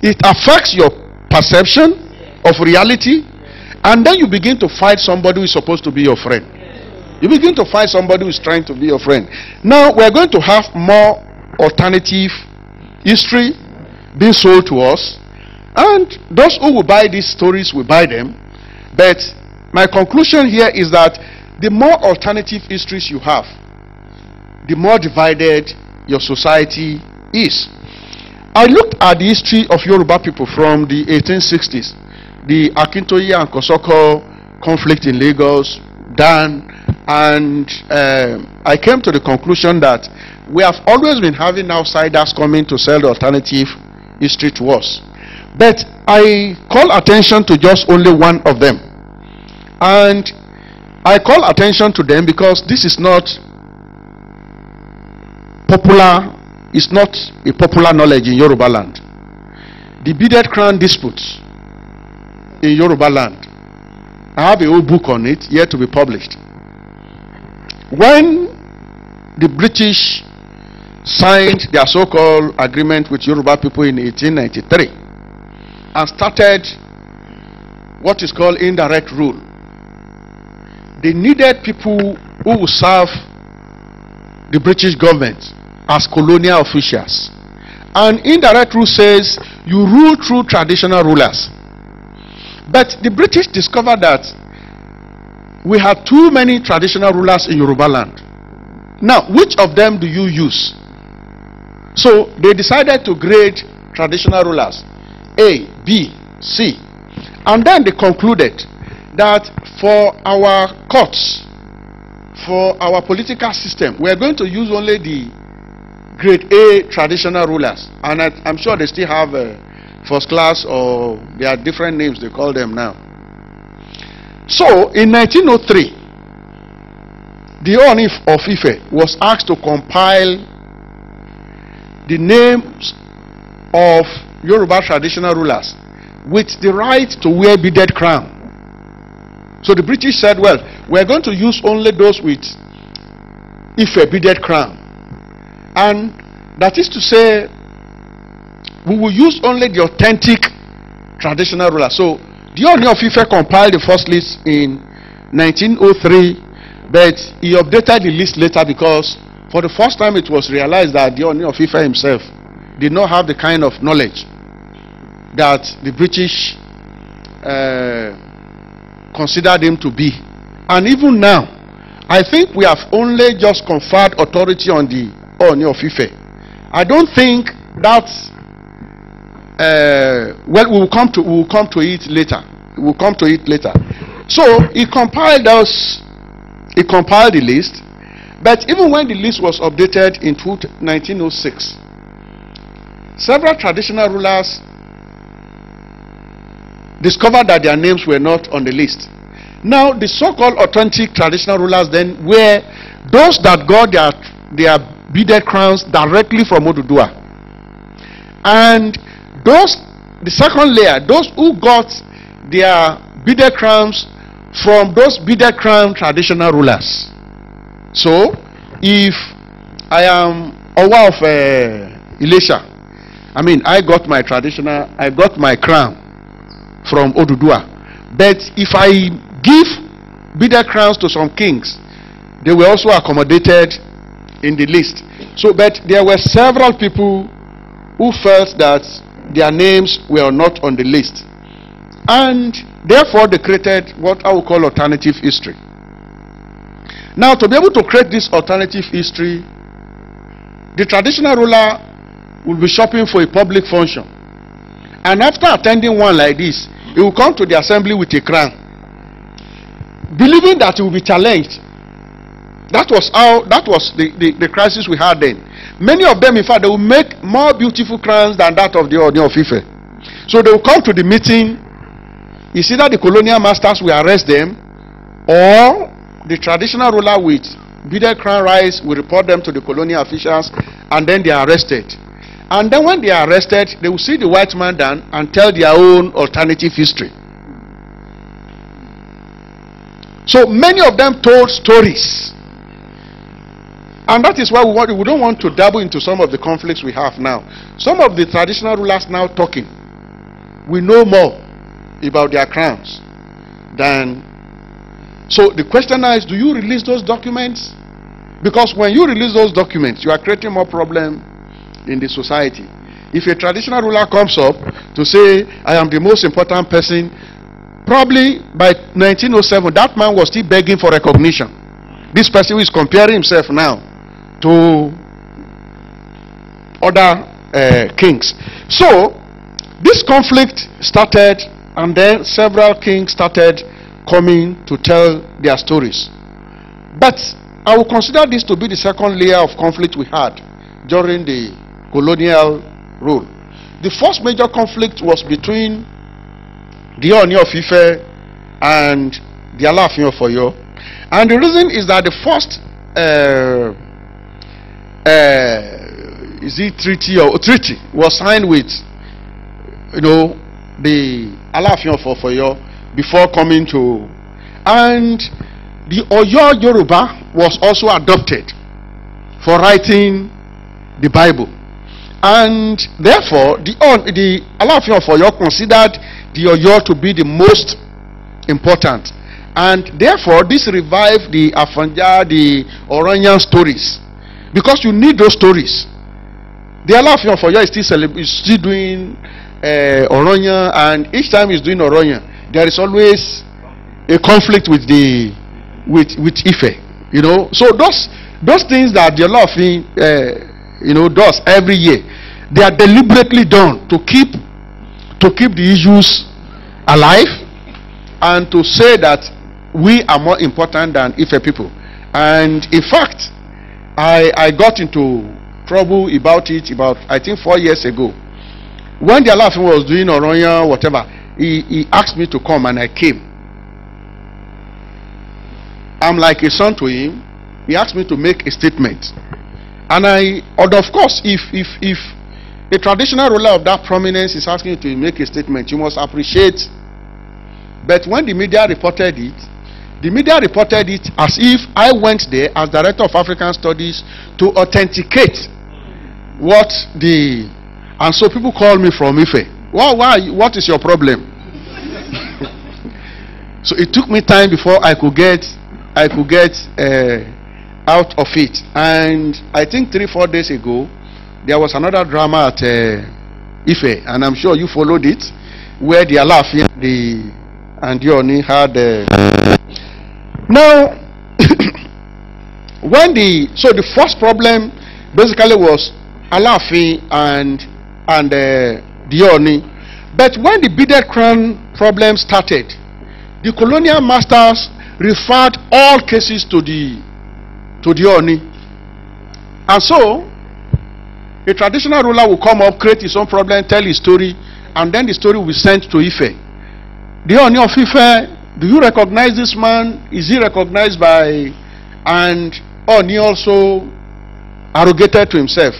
it affects your perception of reality, and then you begin to fight somebody who is supposed to be your friend. You begin to fight somebody who is trying to be your friend. Now we're going to have more alternative history being sold to us and those who will buy these stories will buy them. But my conclusion here is that the more alternative histories you have, the more divided your society is. I looked at the history of Yoruba people from the 1860s, the Akintoye and Kosoko conflict in Lagos, Dan, and uh, I came to the conclusion that we have always been having outsiders coming to sell the alternative history to us. But I call attention to just only one of them. And I call attention to them because this is not popular, it's not a popular knowledge in Yoruba land. The beaded crown dispute in Yoruba land. I have a whole book on it yet to be published. When the British signed their so called agreement with Yoruba people in 1893, and started what is called indirect rule. They needed people who would serve the British government as colonial officials. And indirect rule says you rule through traditional rulers. But the British discovered that we had too many traditional rulers in Yoruba land. Now, which of them do you use? So they decided to grade traditional rulers a, B, C. And then they concluded that for our courts, for our political system, we are going to use only the grade A traditional rulers. And I, am sure they still have a uh, first class or there are different names they call them now. So in 1903, the Onif of Ife was asked to compile the names of Yoruba traditional rulers with the right to wear beaded crown. So the British said, well, we're going to use only those with Ife beaded crown. And that is to say, we will use only the authentic traditional ruler. So the Oni of Ife compiled the first list in 1903, but he updated the list later because for the first time it was realized that the Oni of Ife himself did not have the kind of knowledge that the British uh, considered him to be. And even now, I think we have only just conferred authority on the on your FIFA. I don't think that. Uh, well, we will come to we will come to it later. We will come to it later. So he compiled us. He compiled the list, but even when the list was updated in 1906, several traditional rulers discovered that their names were not on the list. Now, the so called authentic traditional rulers then were those that got their, their beaded crowns directly from Odudua. And those, the second layer, those who got their beaded crowns from those beaded crown traditional rulers. So, if I am Owa of uh, eh, Elisha, I mean, I got my traditional, I got my crown from Odudua. But if I give bigger crowns to some kings, they were also accommodated in the list. So, but there were several people who felt that their names were not on the list. And therefore, they created what I would call alternative history. Now, to be able to create this alternative history, the traditional ruler will be shopping for a public function. And after attending one like this, he will come to the assembly with a crown, believing that he will be challenged. That was how that was the, the, the crisis we had then. Many of them, in fact, they will make more beautiful crowns than that of the Order of Ife. So they will come to the meeting. You see that the colonial masters will arrest them or the traditional ruler with beaded crown rice will report them to the colonial officials and then they are arrested. And then when they are arrested, they will see the white man down and tell their own alternative history. So many of them told stories. And that is why we, want, we don't want to dabble into some of the conflicts we have now. Some of the traditional rulers now talking, we know more about their crimes than. So the question now is do you release those documents? Because when you release those documents, you are creating more problem in the society. If a traditional ruler comes up to say, I am the most important person, probably by 1907, that man was still begging for recognition. This person is comparing himself now to other uh, kings. So, this conflict started, and then several kings started coming to tell their stories. But I will consider this to be the second layer of conflict we had during the colonial rule. The first major conflict was between the Oni of Ife and the Alafin of Oyo. And the reason is that the first uh, uh, is it treaty or treaty was signed with you know the Alafin of Oyo before coming to and the Oyo Yoruba was also adopted for writing the Bible. and therefore the on the Alaafin of Oyo considered the Oyo to be the most important and therefore this revived the Afanja the Oranyan stories because you need those stories the Alaafin of Oyo is still celebrating is still doing uh, eh, Oranyan and each time he is doing Oranyan there is always a conflict with the with with Ife you know so those those things that the Alaafin. Uh, eh, you know, does every year. They are deliberately done to keep to keep the issues alive and to say that we are more important than Ife people. And in fact, I, I got into trouble about it about, I think, four years ago. When the Alafin was doing Oronya, whatever, he, he asked me to come and I came. I'm like a son to him. He asked me to make a statement. And I, and of course, if if if a traditional ruler of that prominence is asking you to make a statement, you must appreciate. But when the media reported it, the media reported it as if I went there as director of African Studies to authenticate what the and so people call me from Ife. Why? Why? What is your problem? (laughs) so it took me time before I could get I could get. Uh, out of it. And I think three, four days ago, there was another drama at uh, Ife, and I'm sure you followed it, where the and the Andioni had. Uh, now, (coughs) when the so the first problem basically was Alafi and and uh, Dioni, but when the beaded crown problem started, the colonial masters referred all cases to the to the Oni. And so, a traditional ruler will come up, create his own problem, tell his story, and then the story will be sent to Ife. The Oni of Ife, do you recognize this man? Is he recognized by. And Oni also arrogated to himself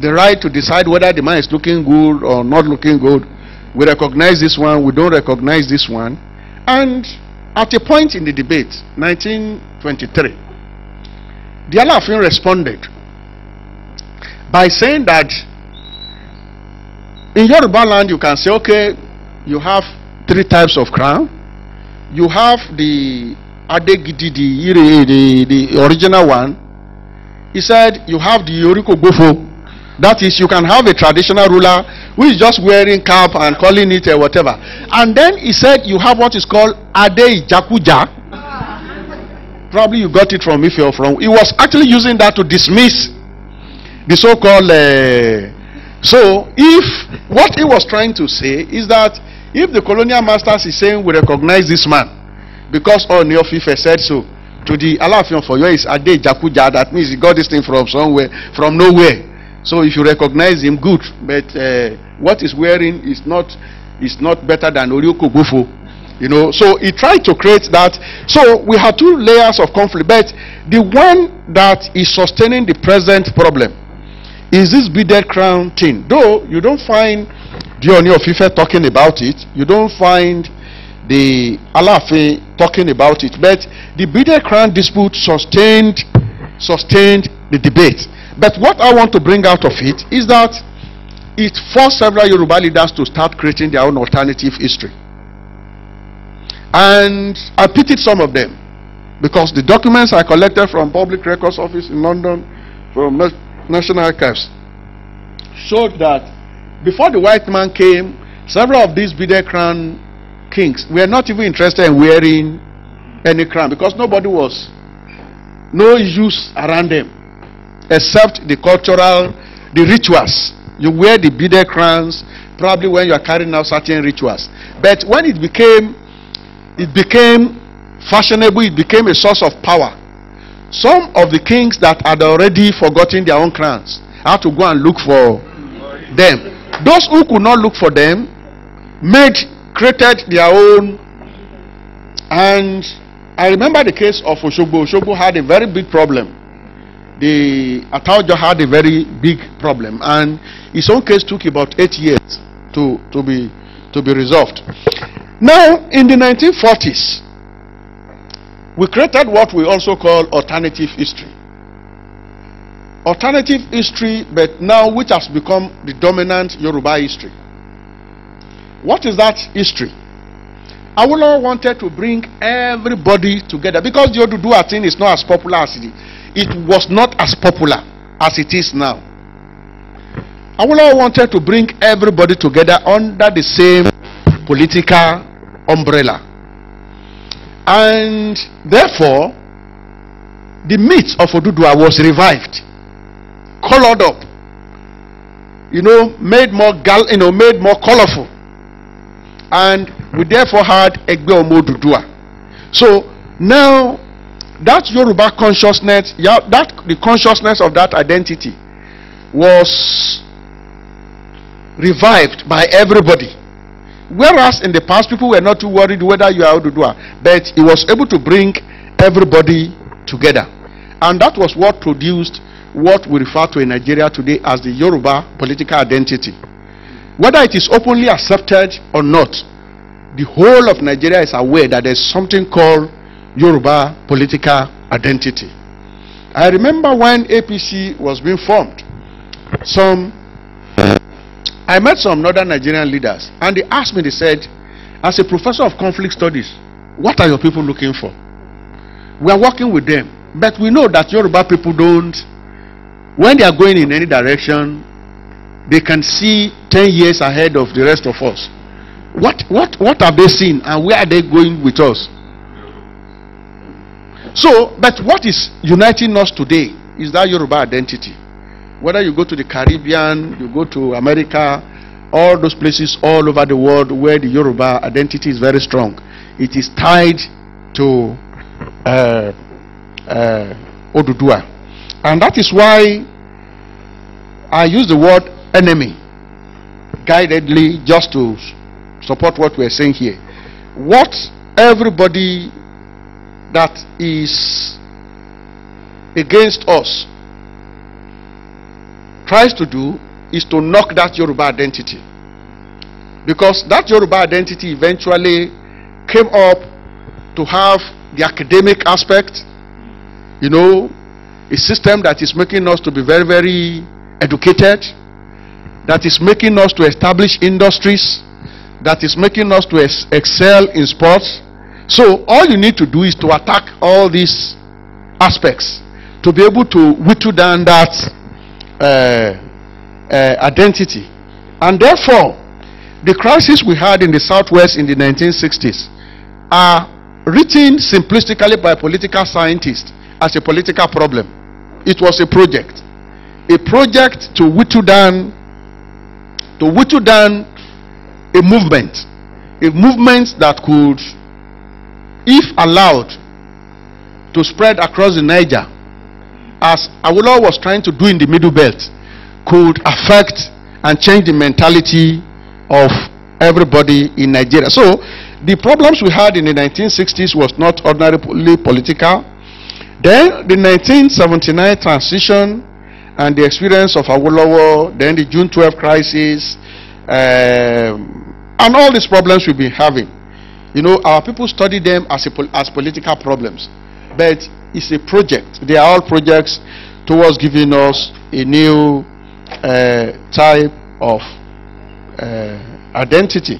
the right to decide whether the man is looking good or not looking good. We recognize this one, we don't recognize this one. And at a point in the debate, 1923, the Alafin responded by saying that in Yoruba land you can say, okay, you have three types of crown. You have the Adegidi, the, the, the original one. He said you have the Yoriko Gofo. That is, you can have a traditional ruler who is just wearing cap and calling it a whatever. And then he said you have what is called Ade Ijakuja Probably you got it from if you're from. He was actually using that to dismiss the so called. Uh, so, if what he was trying to say is that if the colonial masters is saying we recognize this man because Onio Fife said so to the Alafion for you is Ade Jakuja, that means he got this thing from somewhere, from nowhere. So, if you recognize him, good, but uh, what he's wearing is not, is not better than Orioko you know, so he tried to create that. So we have two layers of conflict, but the one that is sustaining the present problem is this beaded crown thing. Though you don't find Diony of Ife talking about it, you don't find the Alafe talking about it, but the beaded crown dispute sustained sustained the debate. But what I want to bring out of it is that it forced several Yoruba leaders to start creating their own alternative history. And I pitied some of them because the documents I collected from Public Records Office in London, from National Archives, showed that before the white man came, several of these beaded crown kings were not even interested in wearing any crown because nobody was, no use around them except the cultural, the rituals. You wear the beaded crowns probably when you are carrying out certain rituals. But when it became it became fashionable, it became a source of power. Some of the kings that had already forgotten their own crowns had to go and look for them. Those who could not look for them made created their own. And I remember the case of Oshogbo. Oshogbo had a very big problem. The Ataujo had a very big problem, and his own case took about eight years to, to be to be resolved. Now, in the 1940s, we created what we also call alternative history. Alternative history, but now which has become the dominant Yoruba history. What is that history? Awolowo wanted to bring everybody together because the Odudu thing is not as popular as it is. It was not as popular as it is now. Awolowo wanted to bring everybody together under the same political umbrella. And therefore, the myth of Odudua was revived, colored up, you know, made more gal, you know, made more colorful. And we therefore had Egbe Omo Odudua. So now that Yoruba consciousness, yeah, that the consciousness of that identity was revived by everybody. Whereas in the past, people were not too worried whether you are Odudua, but he was able to bring everybody together. And that was what produced what we refer to in Nigeria today as the Yoruba political identity. Whether it is openly accepted or not, the whole of Nigeria is aware that there's something called Yoruba political identity. I remember when APC was being formed, some I met some northern Nigerian leaders and they asked me, they said, as a professor of conflict studies, what are your people looking for? We are working with them, but we know that Yoruba people don't, when they are going in any direction, they can see 10 years ahead of the rest of us. What, what, what are they seeing and where are they going with us? So, but what is uniting us today is that Yoruba identity. Whether you go to the Caribbean, you go to America, all those places all over the world where the Yoruba identity is very strong. It is tied to uh, uh, Odudua. And that is why I use the word enemy guidedly just to support what we're saying here. What everybody that is against us tries to do is to knock that Yoruba identity. Because that Yoruba identity eventually came up to have the academic aspect, you know, a system that is making us to be very, very educated, that is making us to establish industries, that is making us to ex excel in sports. So, all you need to do is to attack all these aspects to be able to whittle down that uh, uh, identity. And therefore, the crisis we had in the Southwest in the 1960s are written simplistically by political scientists as a political problem. It was a project. A project to whittle down to whittle down a movement. A movement that could, if allowed, to spread across the Niger as Awolowo was trying to do in the Middle Belt could affect and change the mentality of everybody in Nigeria. So the problems we had in the 1960s was not ordinarily political. Then the 1979 transition and the experience of Awolowo, then the June 12 crisis, um, and all these problems we've been having. You know, our people study them as, a, as political problems but it's a project. They are all projects towards giving us a new uh, type of uh, identity.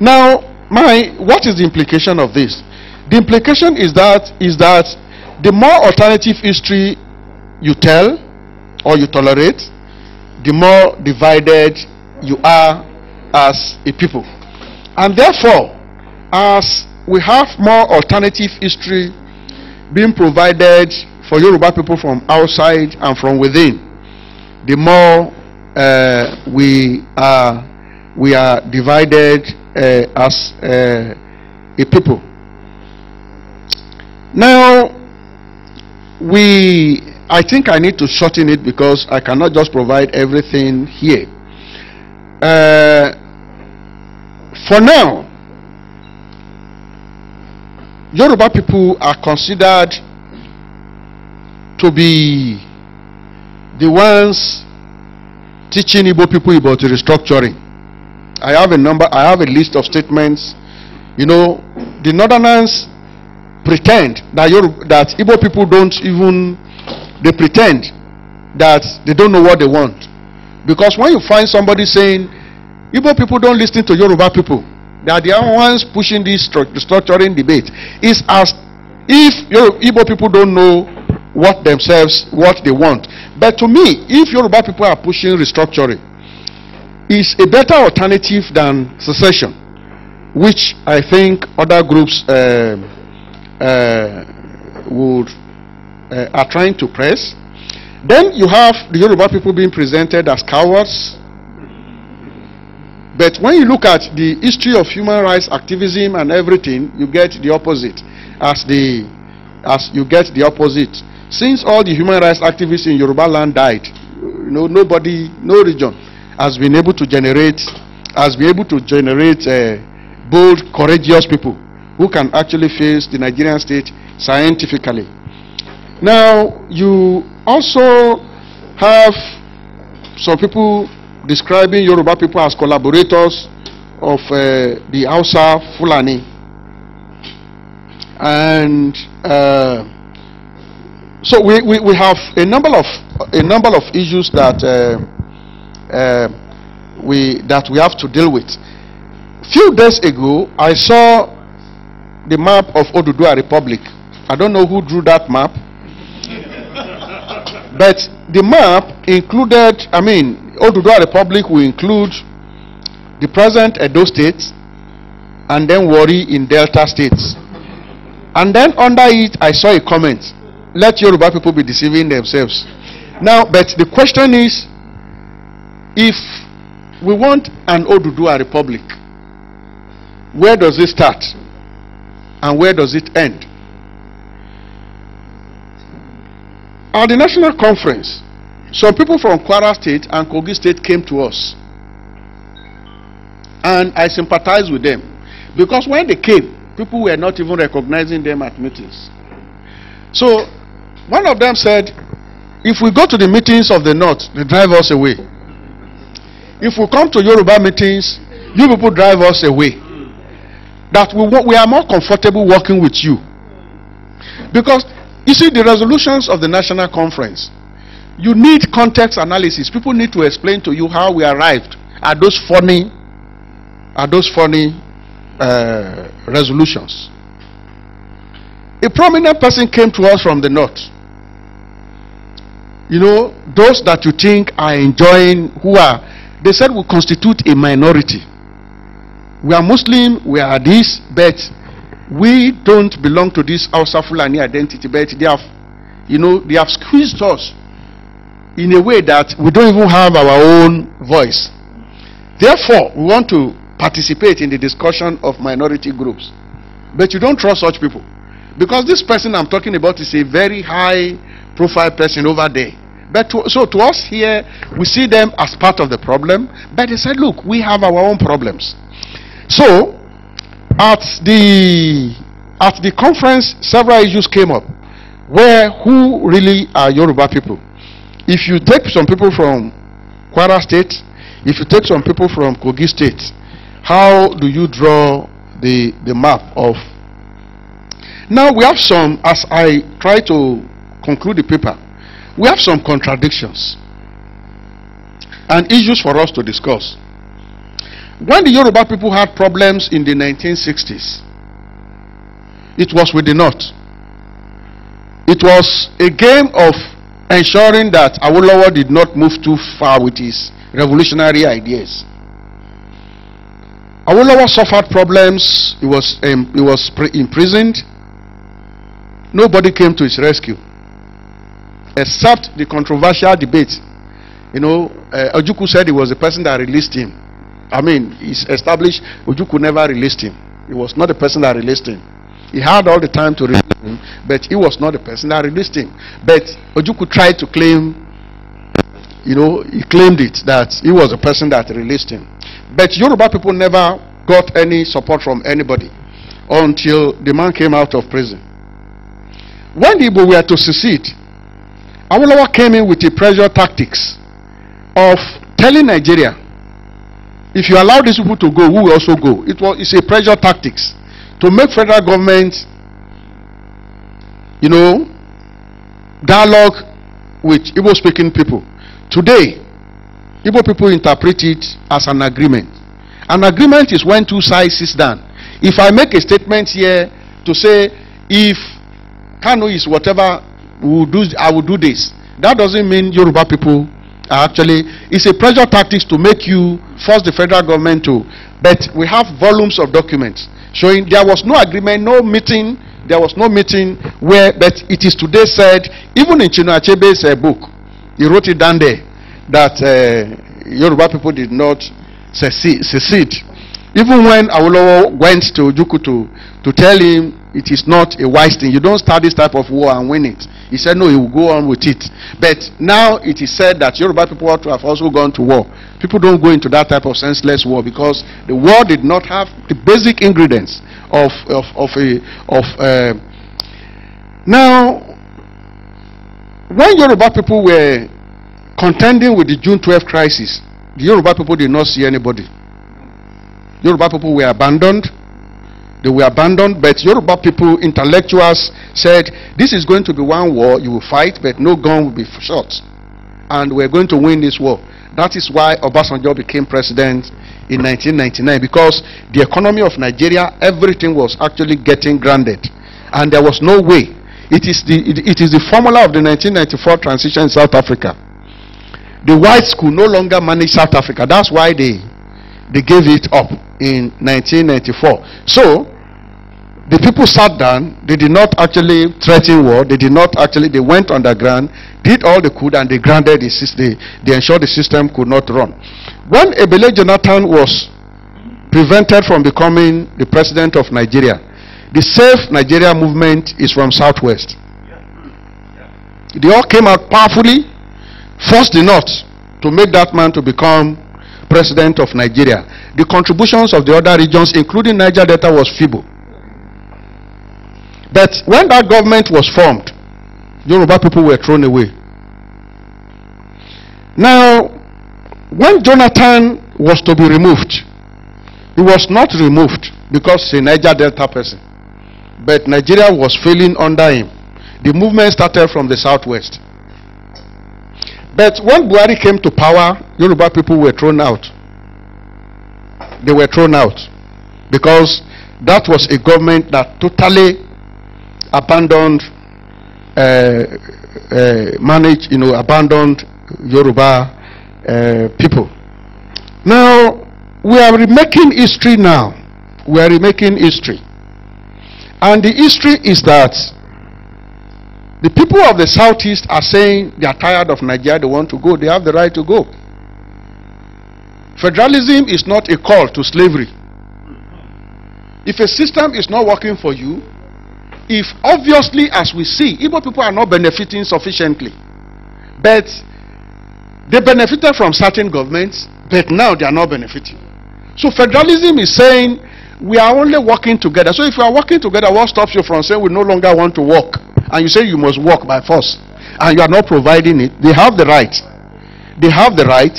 Now, my what is the implication of this? The implication is that is that the more alternative history you tell or you tolerate, the more divided you are as a people. And therefore, as we have more alternative history being provided for Yoruba people from outside and from within, the more uh, we are we are divided uh, as uh, a people. Now, we I think I need to shorten it because I cannot just provide everything here. Uh, for now, Yoruba people are considered to be the ones teaching Igbo people about restructuring. I have a number, I have a list of statements. You know, the Northerners pretend that, Yoruba, that Igbo people don't even, they pretend that they don't know what they want. Because when you find somebody saying, Igbo people don't listen to Yoruba people, they are the ones pushing this structuring debate. It's as if your Igbo people don't know what themselves, what they want. But to me, if Yoruba people are pushing restructuring, it's a better alternative than secession, which I think other groups um, uh, would uh, are trying to press. Then you have the Yoruba people being presented as cowards, but when you look at the history of human rights activism and everything, you get the opposite. As the as you get the opposite. Since all the human rights activists in Yoruba land died, you know, nobody, no region has been able to generate has been able to generate uh, bold, courageous people who can actually face the Nigerian state scientifically. Now, you also have some people describing Yoruba people as collaborators of uh, the Hausa Fulani. And uh, so we, we, we, have a number of a number of issues that uh, uh, we that we have to deal with. Few days ago, I saw the map of Oduduwa Republic. I don't know who drew that map, (laughs) but the map included, I mean, Oduduwa Republic will include the present Edo states, and then worry in Delta States. And then under it, I saw a comment. Let Yoruba people be deceiving themselves. Now, but the question is, if we want an Oduduwa Republic, where does it start? And where does it end? At the national conference, some people from Kwara State and Kogi State came to us. And I sympathized with them. Because when they came, people were not even recognizing them at meetings. So one of them said, if we go to the meetings of the North, they drive us away. If we come to Yoruba meetings, you people drive us away. That we, we are more comfortable working with you. Because, you see, the resolutions of the National Conference you need context analysis. People need to explain to you how we arrived at those funny, at those funny uh, resolutions. A prominent person came to us from the north. You know, those that you think are enjoying, who are, they said we constitute a minority. We are Muslim, we are this, but we don't belong to this Al Fulani identity, but they have, you know, they have squeezed us in a way that we don't even have our own voice. Therefore, we want to participate in the discussion of minority groups. But you don't trust such people. Because this person I'm talking about is a very high profile person over there. But to, so to us here, we see them as part of the problem. But they said, look, we have our own problems. So at the at the conference, several issues came up where who really are Yoruba people? If you take some people from Kwara State, if you take some people from Kogi State, how do you draw the, the map of? Now we have some, as I try to conclude the paper, we have some contradictions and issues for us to discuss. When the Yoruba people had problems in the 1960s, it was with the North. It was a game of ensuring that Awolowo did not move too far with his revolutionary ideas. Awolowo suffered problems. He was, um, he was imprisoned. Nobody came to his rescue except the controversial debate. You know, uh, Ojuku said he was the person that released him. I mean, it's established Ojuku never released him. He was not the person that released him. He had all the time to release him, but he was not the person that released him. But Ojuku tried to claim, you know, he claimed it that he was the person that released him. But Yoruba people never got any support from anybody until the man came out of prison. When the Igbo were to secede, Awolowo came in with the pressure tactics of telling Nigeria, if you allow these people to go, we will also go. It was, it's a pressure tactics to make federal government, you know, dialogue with Igbo speaking people. Today, Igbo people interpret it as an agreement. An agreement is when two sides sit down. If I make a statement here to say, if Kano is whatever, will do, I will do this, that doesn't mean Yoruba people are actually, it's a pressure tactics to make you force the federal government to. But we have volumes of documents showing there was no agreement, no meeting, there was no meeting where, but it is today said, even in Chinochebe's Achebe's uh, book, he wrote it down there, that uh, Yoruba people did not secede. Even when Awolowo went to Juku to, to tell him it is not a wise thing. You don't start this type of war and win it. He said, no, he will go on with it. But now it is said that Yoruba people ought to have also gone to war. People don't go into that type of senseless war because the war did not have the basic ingredients of of of a of. Uh, now, when Yoruba people were contending with the June 12 crisis, the Yoruba people did not see anybody. Yoruba people were abandoned they were abandoned, but Yoruba people, intellectuals, said, This is going to be one war. You will fight, but no gun will be shot. And we're going to win this war. That is why Obasanjo became president in 1999 because the economy of Nigeria, everything was actually getting grounded. And there was no way. It is the, it, it is the formula of the 1994 transition in South Africa. The whites could no longer manage South Africa. That's why they, they gave it up in 1994. So, the people sat down they did not actually threaten war they did not actually they went underground did all they could and they grounded the system they, ensured the system could not run when ebele jonathan was prevented from becoming the president of nigeria the safe nigeria movement is from southwest they all came out powerfully forced the north to make that man to become president of nigeria the contributions of the other regions including niger delta was feeble that when that government was formed, Yoruba people were thrown away. Now, when Jonathan was to be removed, he was not removed because he's a Niger Delta person. But Nigeria was failing under him. The movement started from the southwest. But when Buhari came to power, Yoruba people were thrown out. They were thrown out because that was a government that totally abandoned uh, uh, manage, you know, abandoned Yoruba uh, people. Now, we are remaking history now. We are remaking history. And the history is that the people of the southeast are saying they are tired of Nigeria, they want to go, they have the right to go. Federalism is not a call to slavery. If a system is not working for you, if obviously as we see Igbo people are not benefiting sufficiently but they benefited from certain governments but now they are not benefiting so federalism is saying we are only working together so if you are working together what stops you from saying we no longer want to work and you say you must work by force and you are not providing it they have the right they have the right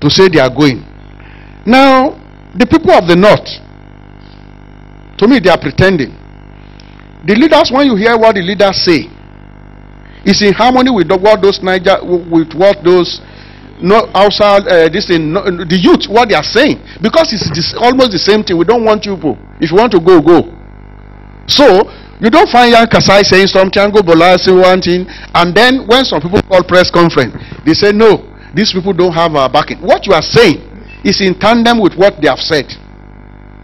to say they are going now the people of the north to me they are pretending the leaders, when you hear what the leaders say, is in harmony with the, what those Niger, with what those no outside uh, this thing, no, the youth, what they are saying, because it's this, almost the same thing. We don't want you people. If you want to go, go. So you don't find Yan Kasai saying something, Go Bola saying one thing, and then when some people call press conference, they say no, these people don't have our backing. What you are saying is in tandem with what they have said.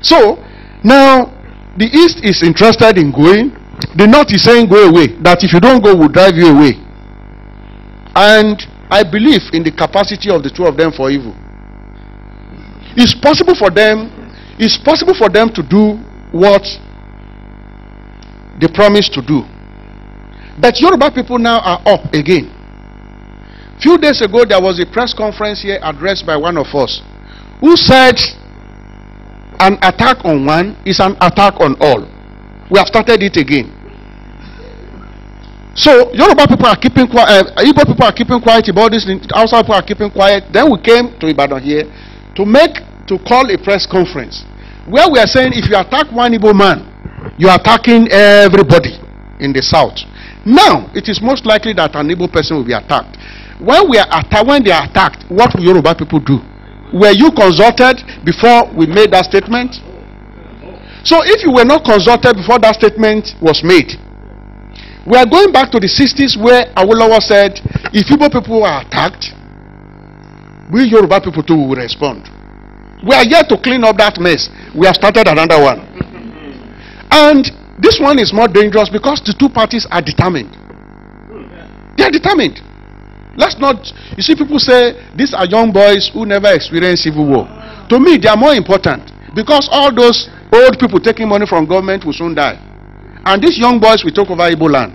So now the East is interested in going. The North is saying, go away. That if you don't go, we'll drive you away. And I believe in the capacity of the two of them for evil. It's possible for them, it's possible for them to do what they promised to do. But Yoruba people now are up again. Few days ago, there was a press conference here addressed by one of us who said an attack on one is an attack on all. We have started it again. So Yoruba people are keeping quiet, uh, eh, Igbo people are keeping quiet about this, outside people are keeping quiet. Then we came to Ibadan here to make, to call a press conference where we are saying if you attack one Igbo man, you are attacking everybody in the south. Now, it is most likely that an Igbo person will be attacked. When, we are atta- when they are attacked, what will Yoruba people do? Were you consulted before we made that statement? So if you were not consulted before that statement was made, we are going back to the 60s where Awolowo said, if Igbo people are attacked, we Yoruba people too will respond. We are yet to clean up that mess. We have started another one. and this one is more dangerous because the two parties are determined. They are determined. Let's not, you see, people say these are young boys who never experienced civil war. To me, they are more important because all those old people taking money from government will soon die. And these young boys will take over Igbo land.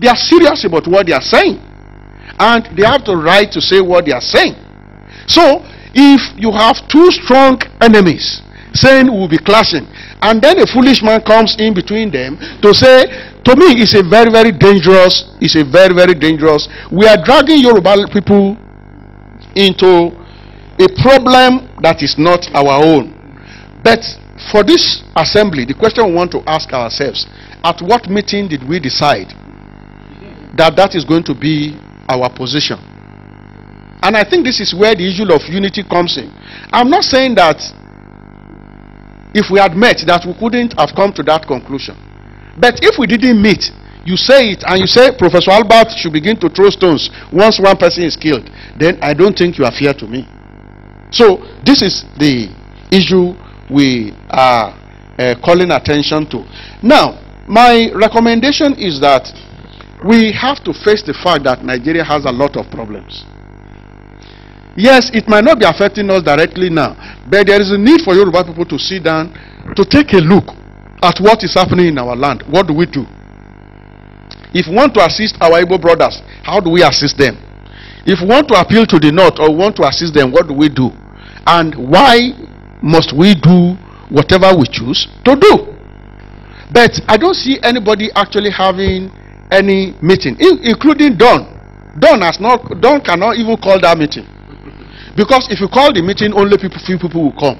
They are serious about what they are saying. And they have the right to say what they are saying. So, if you have two strong enemies, saying we'll be clashing. And then a foolish man comes in between them to say, to me, it's a very, very dangerous, it's a very, very dangerous. We are dragging Yoruba people into a problem that is not our own. But for this assembly, the question we want to ask ourselves, at what meeting did we decide that that is going to be our position? And I think this is where the issue of unity comes in. I'm not saying that if we had met that we couldn't have come to that conclusion. But if we didn't meet, you say it and you say Professor Albert should begin to throw stones once one person is killed, then I don't think you are fair to me. So this is the issue we are uh, calling attention to. Now, my recommendation is that we have to face the fact that Nigeria has a lot of problems. Yes, it might not be affecting us directly now, but there is a need for Yoruba people to sit down, to take a look at what is happening in our land. What do we do? If we want to assist our Igbo brothers, how do we assist them? If we want to appeal to the North or want to assist them, what do we do? And why must we do whatever we choose to do? But I don't see anybody actually having any meeting, including Don. Don has not Don cannot even call that meeting. Because if you call the meeting, only people, few people will come.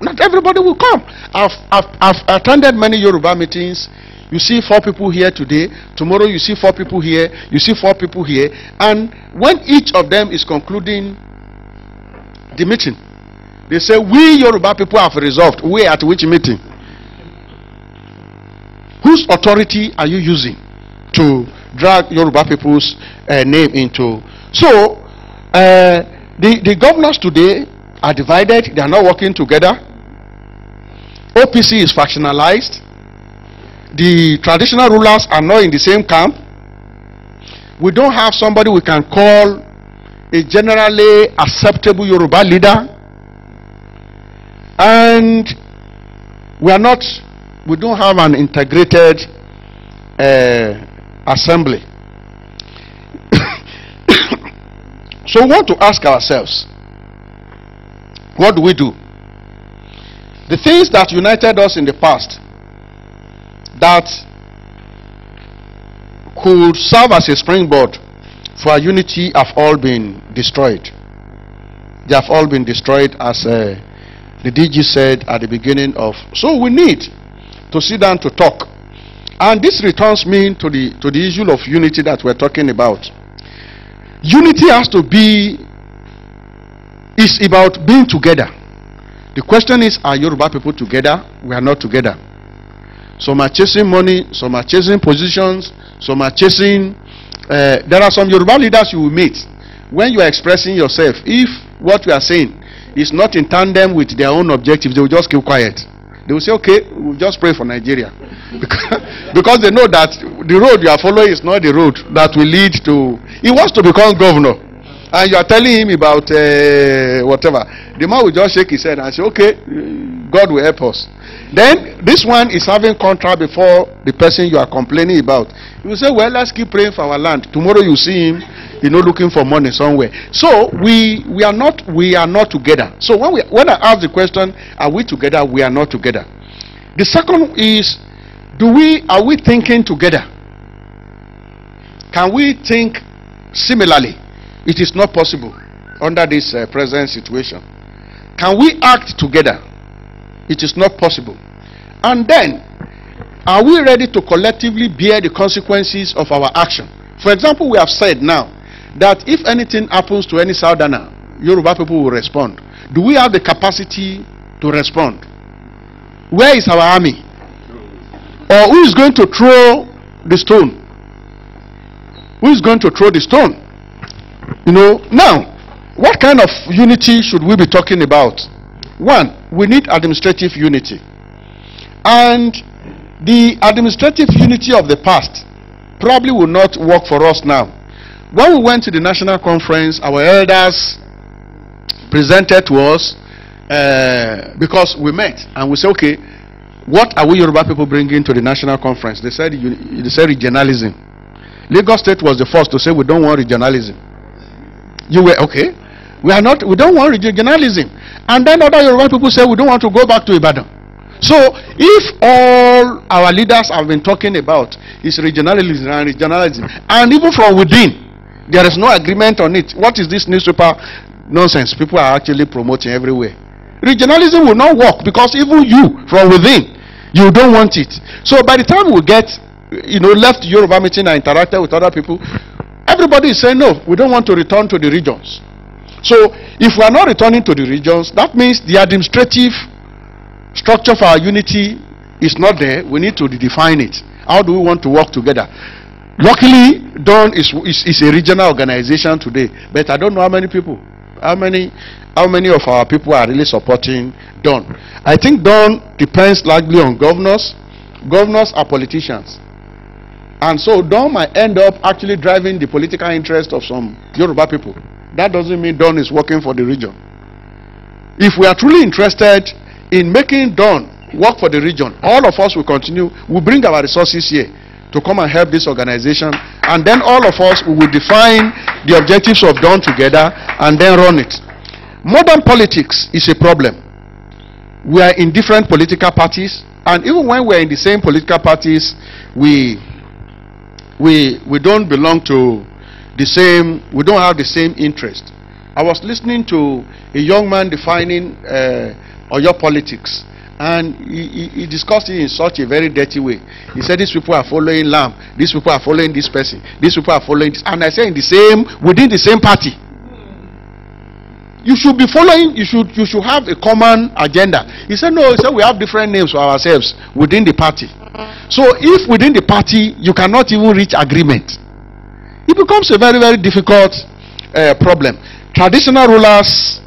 Not everybody will come. I've, I've, I've attended many Yoruba meetings. You see four people here today. Tomorrow you see four people here. You see four people here. And when each of them is concluding the meeting, they say, We Yoruba people have resolved. We at which meeting? Whose authority are you using to drag Yoruba people's uh, name into? So, uh, the, the governors today are divided, they are not working together. OPC is factionalized. The traditional rulers are not in the same camp. We don't have somebody we can call a generally acceptable Yoruba leader. And we are not, we don't have an integrated uh, assembly. So we want to ask ourselves, what do we do? The things that united us in the past that could serve as a springboard for our unity have all been destroyed. They have all been destroyed, as uh, the DG said at the beginning of. So we need to sit down to talk. And this returns me to the, to the issue of unity that we're talking about. Unity has to be, it's about being together. The question is, are Yoruba people together? We are not together. Some are chasing money, some are chasing positions, some are chasing. Uh, there are some Yoruba leaders you will meet. When you are expressing yourself, if what you are saying is not in tandem with their own objectives, they will just keep quiet. They will say, okay, we'll just pray for Nigeria. (laughs) because, because they know that the road you are following is not the road that will lead to. He wants to become governor. And you are telling him about uh, whatever. The man will just shake his head and say, okay, God will help us. Then this one is having contract before the person you are complaining about. You will say, well, let's keep praying for our land. Tomorrow you see him you know, looking for money somewhere. So we we are not we are not together. So when we when I ask the question, are we together? We are not together. The second is, do we are we thinking together? Can we think similarly? It is not possible under this uh, present situation. Can we act together? It is not possible. And then, are we ready to collectively bear the consequences of our action? For example, we have said now that if anything happens to any Southerner, Yoruba people will respond. Do we have the capacity to respond? Where is our army? Or who is going to throw the stone? Who is going to throw the stone? You know, now, what kind of unity should we be talking about? One, we need administrative unity. And the administrative unity of the past probably will not work for us now when we went to the national conference, our elders presented to us uh, because we met and we said, okay, what are we Yoruba people bringing to the national conference? They said, they said regionalism. Lagos State was the first to say we don't want regionalism. You were okay. We are not. We don't want regionalism. And then other Yoruba people say we don't want to go back to Ibadan. So if all our leaders have been talking about is regionalism and regionalism, and even from within, there is no agreement on it. What is this newspaper nonsense people are actually promoting everywhere? Regionalism will not work because even you from within, you don't want it. So by the time we get, you know, left Yoruba meeting and interacted with other people, everybody is saying, no, we don't want to return to the regions. So if we are not returning to the regions, that means the administrative structure for our unity is not there. We need to redefine it. How do we want to work together? Luckily, Dawn is, is, is a regional organization today, but I don't know how many people, how many, how many of our people are really supporting Dawn. I think Dawn depends largely on governors. Governors are politicians. And so Dawn might end up actually driving the political interest of some Yoruba people. That doesn't mean Dawn is working for the region. If we are truly interested in making Dawn work for the region, all of us will continue, we we'll bring our resources here to come and help this organization. And then all of us we will define the objectives of done together and then run it. Modern politics is a problem. We are in different political parties, and even when we are in the same political parties, we we we don't belong to the same. We don't have the same interest. I was listening to a young man defining uh, your politics and he, he, he, discussed it in such a very dirty way. He said, These people are following Lamb, these people are following this person, these people are following this. And I said, in the same within the same party. You should be following, you should you should have a common agenda. He said, No, he said we have different names for ourselves within the party. So if within the party you cannot even reach agreement, it becomes a very, very difficult uh, problem. Traditional rulers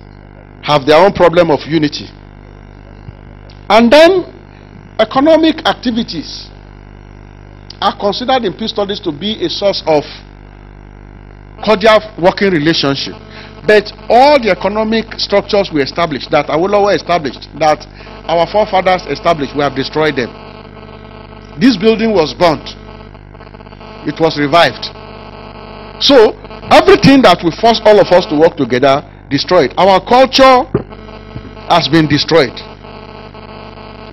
have their own problem of unity and then economic activities are considered in peace studies to be a source of cordial working relationship. But all the economic structures we established, that Awolowo established, that our forefathers established, we have destroyed them. This building was burnt. It was revived. So, everything that we force all of us to work together, destroyed. Our culture has been destroyed.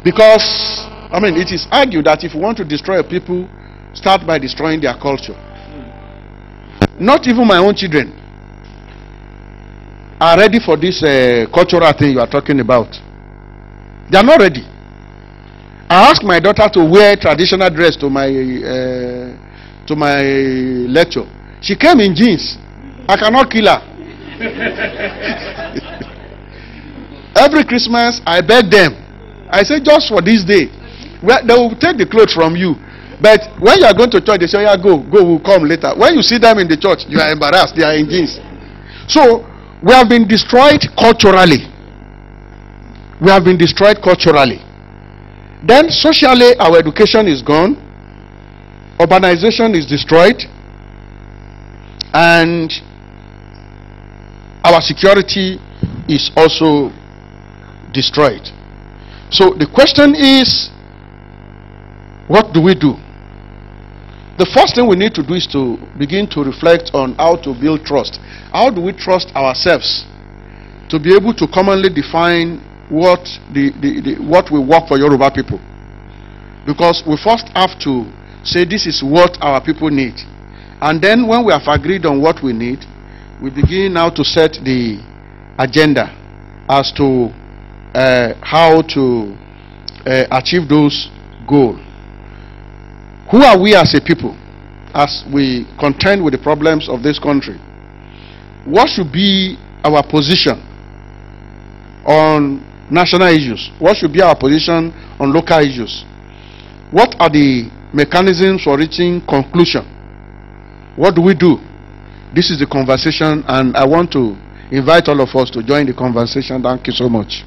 Because, I mean, it is argued that if you want to destroy a people, start by destroying their culture. Not even my own children are ready for this uh, cultural thing you are talking about. They are not ready. I asked my daughter to wear traditional dress to my uh, to my lecture. She came in jeans. I cannot kill her. (laughs) Every Christmas, I beg them I say just for this day. Well, they will take the clothes from you. But when you are going to church, they say, oh, Yeah, go, go, we'll come later. When you see them in the church, you are embarrassed. They are in jeans. So we have been destroyed culturally. We have been destroyed culturally. Then socially, our education is gone. Urbanization is destroyed. And our security is also destroyed. So the question is, what do we do? The first thing we need to do is to begin to reflect on how to build trust. How do we trust ourselves to be able to commonly define what, the, the, the what will work for Yoruba people? Because we first have to say this is what our people need. And then when we have agreed on what we need, we begin now to set the agenda as to uh, how to uh, achieve those goals. Who are we as a people as we contend with the problems of this country? What should be our position on national issues? What should be our position on local issues? What are the mechanisms for reaching conclusion? What do we do? This is the conversation, and I want to invite all of us to join the conversation. Thank you so much.